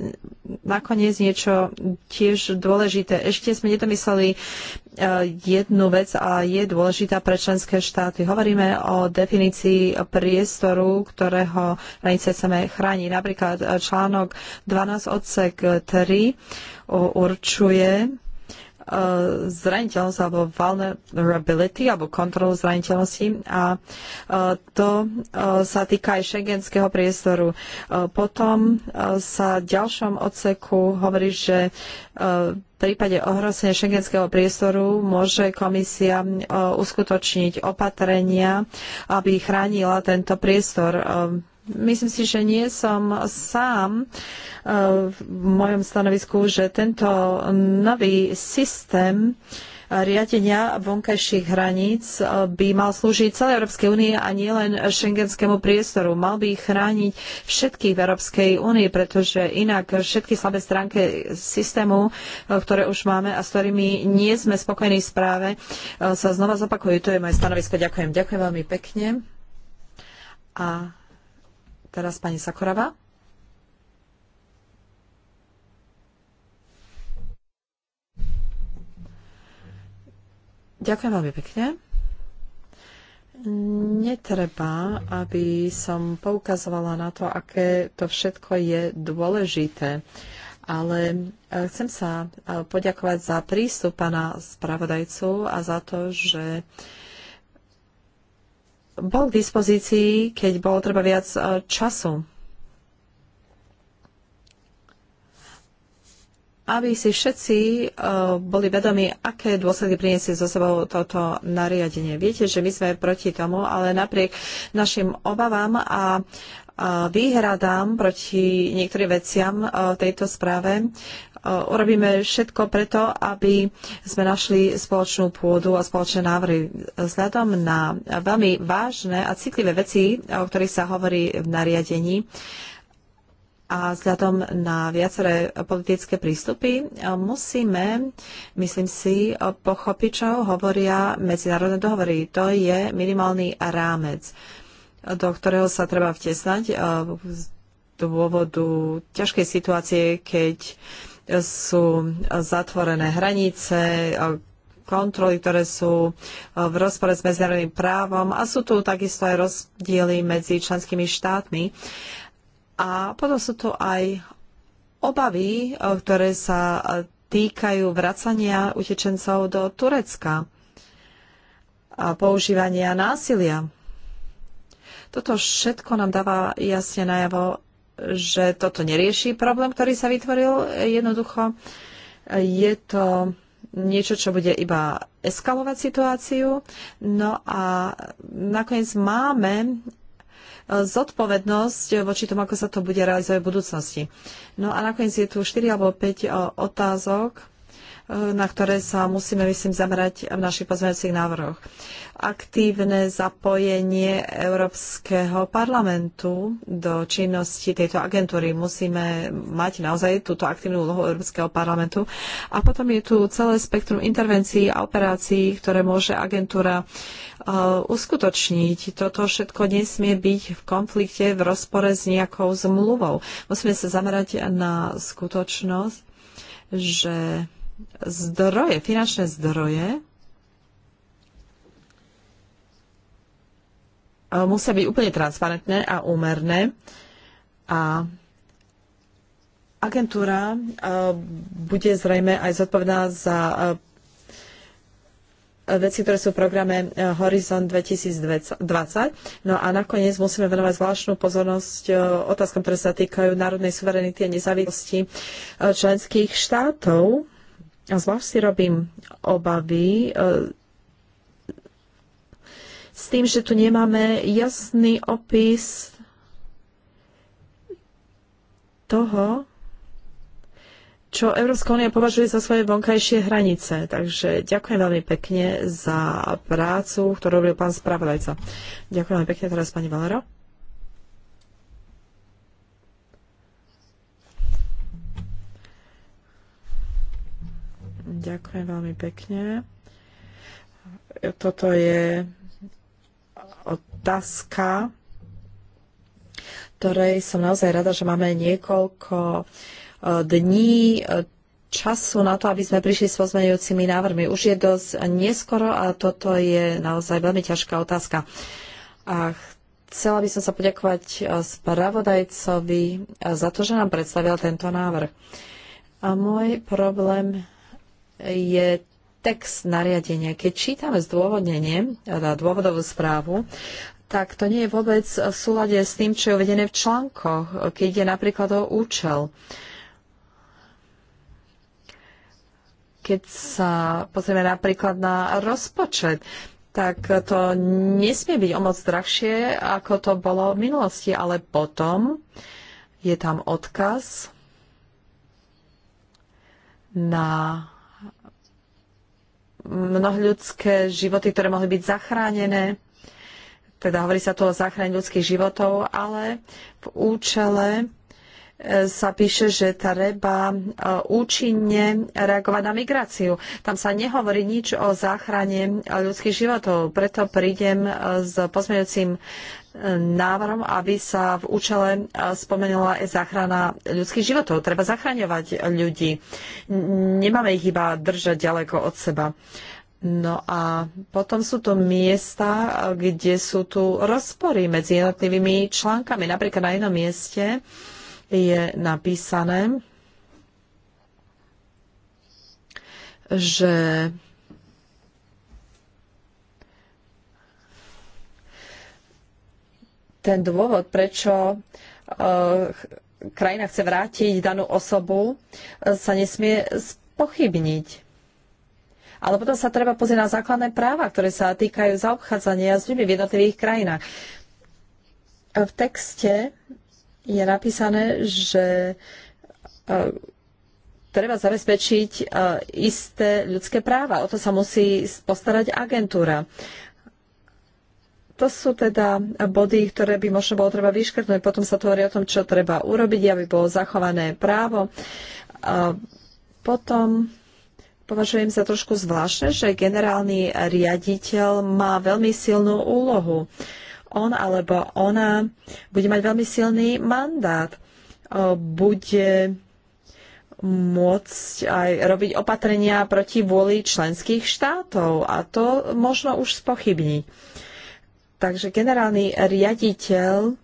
nakoniec niečo tiež dôležité. Ešte sme nedomysleli e, jednu vec a je dôležitá pre členské štáty. Hovoríme o definícii priestoru, ktorého hranice chceme chrániť. Napríklad e, článok 12 odsek 3 určuje, E, zraniteľnosť alebo vulnerability alebo kontrolu zraniteľnosti a e, to e, sa týka aj šengenského priestoru. Potom sa v ďalšom odseku hovorí, že v prípade ohrozenia šengenského priestoru môže komisia uskutočniť opatrenia, aby chránila tento priestor Myslím si, že nie som sám eh, v mojom stanovisku, že tento nový systém eh, riadenia vonkajších hraníc eh, by mal slúžiť celej Európskej únie a nielen šengenskému priestoru. Mal by chrániť všetkých v Európskej únii, pretože inak všetky slabé stránky systému, ktoré už máme a s ktorými nie sme spokojní v správe, sa znova zopakujú. To je moje stanovisko. Ďakujem. Ďakujem veľmi pekne. A Teraz pani Sakorava. Ďakujem veľmi pekne. Netreba, aby som poukazovala na to, aké to všetko je dôležité. Ale e, chcem sa e, poďakovať za prístup pána spravodajcu a za to, že uh, bol k dispozícii, keď bolo treba viac e, času. Aby si všetci e, boli vedomi, aké dôsledky priniesie so sebou toto nariadenie. Viete, že my sme proti tomu, ale napriek našim obavám a výhradám proti niektorým veciam e, v tejto správe, Eh, urobíme všetko preto, aby sme našli spoločnú pôdu a spoločné návrhy. Vzhľadom na veľmi vážne a citlivé veci, o ktorých sa hovorí v nariadení, a vzhľadom na viaceré politické prístupy eh, musíme, myslím si, pochopiť, čo hovoria medzinárodné dohovory. To je minimálny rámec, do ktorého sa treba vtesnať eh, z dôvodu ťažkej situácie, keď sú zatvorené hranice, kontroly, ktoré sú v rozpore s medzinárodným právom a sú tu takisto aj rozdiely medzi členskými štátmi. A potom sú tu aj obavy, e, ktoré sa týkajú vracania utečencov do Turecka a používania násilia. Toto všetko nám dáva jasne najavo, že toto nerieši problém, ktorý sa vytvoril. Jednoducho je to niečo, čo bude iba eskalovať situáciu. No a nakoniec máme e, zodpovednosť voči tomu, ako sa to bude realizovať v budúcnosti. No a nakoniec je tu 4 alebo 5 e, otázok, na ktoré sa musíme, myslím, zamerať v našich pozmeňujúcich návrhoch. Aktívne zapojenie Európskeho parlamentu do činnosti tejto agentúry. Musíme mať naozaj túto aktívnu úlohu Európskeho parlamentu. A potom je tu celé spektrum intervencií a operácií, ktoré môže agentúra uh, uskutočniť. Toto všetko nesmie byť v konflikte, v rozpore s nejakou zmluvou. Musíme sa zamerať na skutočnosť, že zdroje, finančné zdroje musia byť úplne transparentné a úmerné a agentúra bude zrejme aj zodpovedná za veci, ktoré sú v programe Horizon 2020. No a nakoniec musíme venovať zvláštnu pozornosť otázkam, ktoré sa týkajú národnej suverenity a nezávislosti členských štátov. A zvlášť si robím obavy e, s tým, že tu nemáme jasný opis toho, čo Európska únia považuje za svoje vonkajšie hranice. Takže ďakujem veľmi pekne za prácu, ktorú robil pán spravodajca. Ďakujem veľmi pekne teraz pani Valero. Ďakujem veľmi pekne. Toto je otázka, ktorej som naozaj rada, že máme niekoľko e, dní e, času na to, aby sme prišli s pozmeňujúcimi návrhmi. Už je dosť neskoro a toto je naozaj veľmi ťažká otázka. A chcela by som sa poďakovať e, spravodajcovi za to, že nám predstavil tento návrh. A môj problém je text nariadenia. Keď čítame zdôvodnenie, teda dôvodovú správu, tak to nie je vôbec v súlade s tým, čo je uvedené v článkoch, keď je napríklad o účel. Keď sa pozrieme napríklad na rozpočet, tak to nesmie byť o moc drahšie, ako to bolo v minulosti, ale potom je tam odkaz na mnohľudské životy, ktoré mohli byť zachránené. Teda hovorí sa tu o záchrane ľudských životov, ale v účele e, sa píše, že treba e, účinne reagovať na migráciu. Tam sa nehovorí nič o záchrane ľudských životov. Preto prídem e, s pozmeňujúcim návrhom, aby sa v účele e, spomenula aj záchrana ľudských životov. Treba zachraňovať ľudí. Nemáme ich iba držať ďaleko od seba. No a potom sú to miesta, kde sú tu rozpory medzi jednotlivými článkami. Napríklad na jednom mieste je napísané, že ten dôvod, prečo e, krajina chce vrátiť danú osobu, e, sa nesmie spochybniť. Ale potom sa treba pozrieť na základné práva, ktoré sa týkajú zaobchádzania s ľuďmi v jednotlivých krajinách. E, v texte je napísané, že treba zabezpečiť isté ľudské práva. O to sa musí postarať agentúra. To sú teda body, ktoré by možno bolo treba vyškrtnúť. Potom sa hovorí o tom, čo treba urobiť, aby bolo zachované právo. A potom považujem za trošku zvláštne, že generálny riaditeľ má veľmi silnú úlohu. On alebo ona bude mať veľmi silný mandát. Bude môcť aj robiť opatrenia proti vôli členských štátov a to možno už spochybniť Takže generálny riaditeľ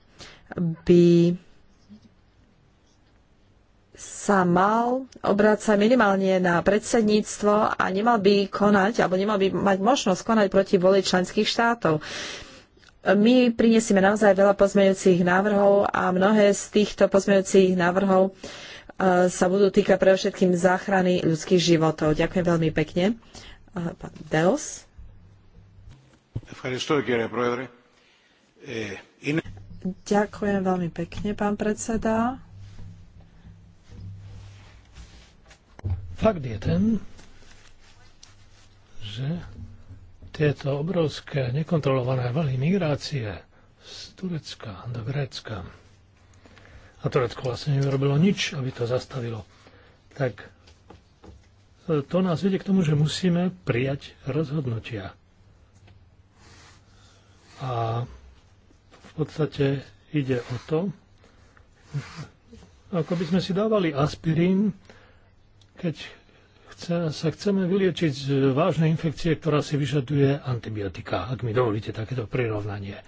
by sa mal obrácať minimálne na predsedníctvo a nemal by konať, alebo nemal by mať možnosť konať proti voli členských štátov. My prinesieme naozaj veľa pozmeňujúcich návrhov a mnohé z týchto pozmeňujúcich návrhov e, sa budú týkať pre všetkým záchrany ľudských životov. Ďakujem veľmi pekne. E, pán Deos. Ďakujem veľmi pekne, pán predseda. Fakt je ten, že tieto obrovské nekontrolované vlny migrácie z Turecka do Grécka a Turecko vlastne neurobilo nič, aby to zastavilo, tak to nás vedie k tomu, že musíme prijať rozhodnutia a v podstate ide o to, ako by sme si dávali aspirín, keď chce, sa chceme vyliečiť z vážnej infekcie, ktorá si vyžaduje antibiotika, ak mi dovolíte takéto prirovnanie.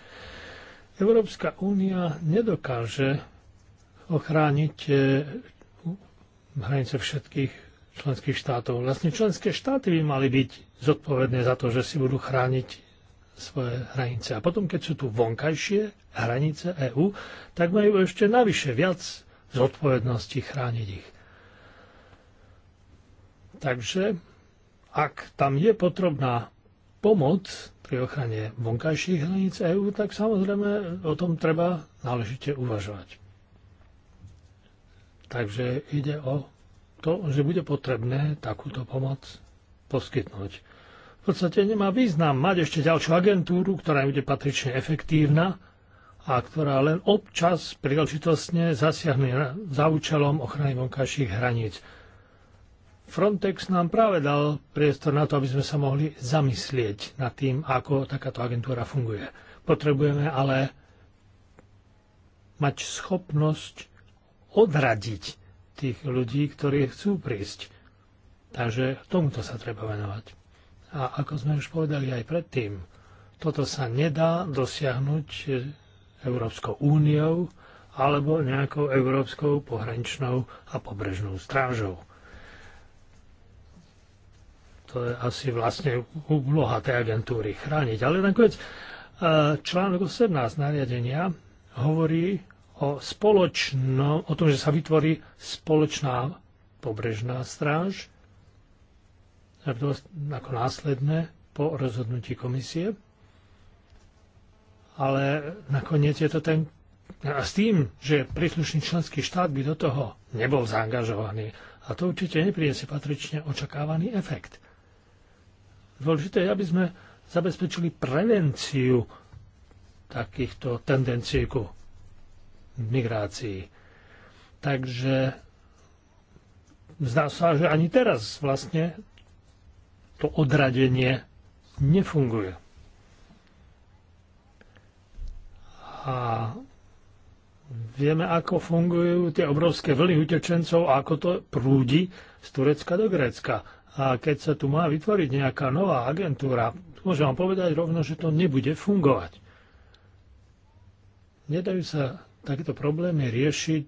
Európska únia nedokáže ochrániť e, hranice všetkých členských štátov. Vlastne členské štáty by mali byť zodpovedné za to, že si budú chrániť svoje hranice. A potom, keď sú tu vonkajšie hranice EÚ, tak majú ešte navyše viac zodpovednosti chrániť ich. Takže, ak tam je potrebná pomoc pri ochrane vonkajších hraníc EÚ, tak samozrejme o tom treba náležite uvažovať. Takže ide o to, že bude potrebné takúto pomoc poskytnúť. V podstate nemá význam mať ešte ďalšiu agentúru, ktorá bude patrične efektívna a ktorá len občas príležitostne zasiahne za účelom ochrany vonkajších hraníc. Frontex nám práve dal priestor na to, aby sme sa mohli zamyslieť nad tým, ako takáto agentúra funguje. Potrebujeme ale mať schopnosť odradiť tých ľudí, ktorí chcú prísť. Takže tomuto sa treba venovať. A ako sme už povedali aj predtým, toto sa nedá dosiahnuť Európskou úniou alebo nejakou Európskou pohraničnou a pobrežnou strážou. To je asi vlastne úloha tej agentúry chrániť. Ale nakoniec e, článok 18 nariadenia hovorí o, spoločno, o tom, že sa vytvorí spoločná pobrežná stráž ako následné po rozhodnutí komisie. Ale nakoniec je to ten... A s tým, že príslušný členský štát by do toho nebol zaangažovaný. A to určite si patrične očakávaný efekt. Dôležité je, aby sme zabezpečili prevenciu takýchto tendencií ku migrácii. Takže zdá sa, že ani teraz vlastne to odradenie nefunguje. A vieme, ako fungujú tie obrovské vlny utečencov a ako to prúdi z Turecka do Grécka. A keď sa tu má vytvoriť nejaká nová agentúra, môžem vám povedať rovno, že to nebude fungovať. Nedajú sa takéto problémy riešiť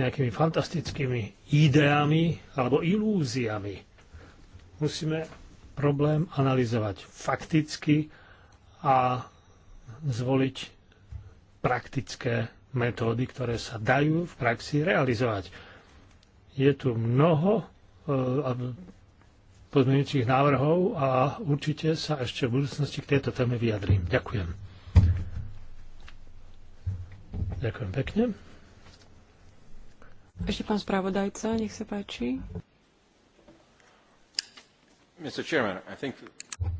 nejakými fantastickými ideami alebo ilúziami musíme problém analyzovať fakticky a zvoliť praktické metódy, ktoré sa dajú v praxi realizovať. Je tu mnoho eh, pozmeňujúcich návrhov a určite sa ešte v budúcnosti k tejto téme vyjadrím. Ďakujem. Ďakujem pekne. Ešte pán spravodajca, nech sa páči.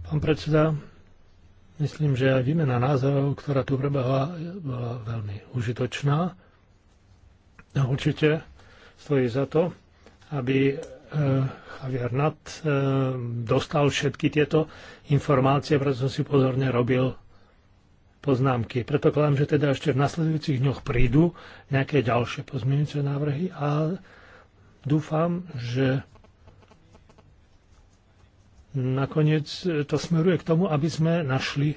Pán predseda, myslím, že aj výmena názorov, ktorá tu prebehla, bola veľmi užitočná. A určite stojí za to, aby eh, Javier Nat eh, dostal všetky tieto informácie, preto som si pozorne robil poznámky. Predpokladám, že teda ešte v nasledujúcich dňoch prídu nejaké ďalšie pozmienujúce návrhy a dúfam, že nakoniec e, to smeruje k tomu, aby sme našli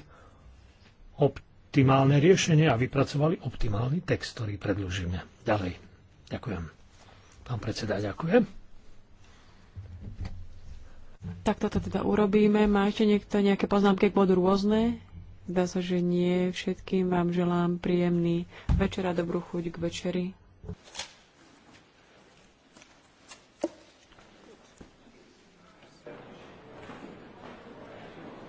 optimálne riešenie a vypracovali optimálny text, ktorý predlžíme. Ďalej. Ďakujem. Pán predseda, ďakujem. Tak toto teda urobíme. Má ešte niekto nejaké poznámky k bodu rôzne? Zdá sa, že nie. Všetkým vám želám príjemný večer a dobrú chuť k večeri.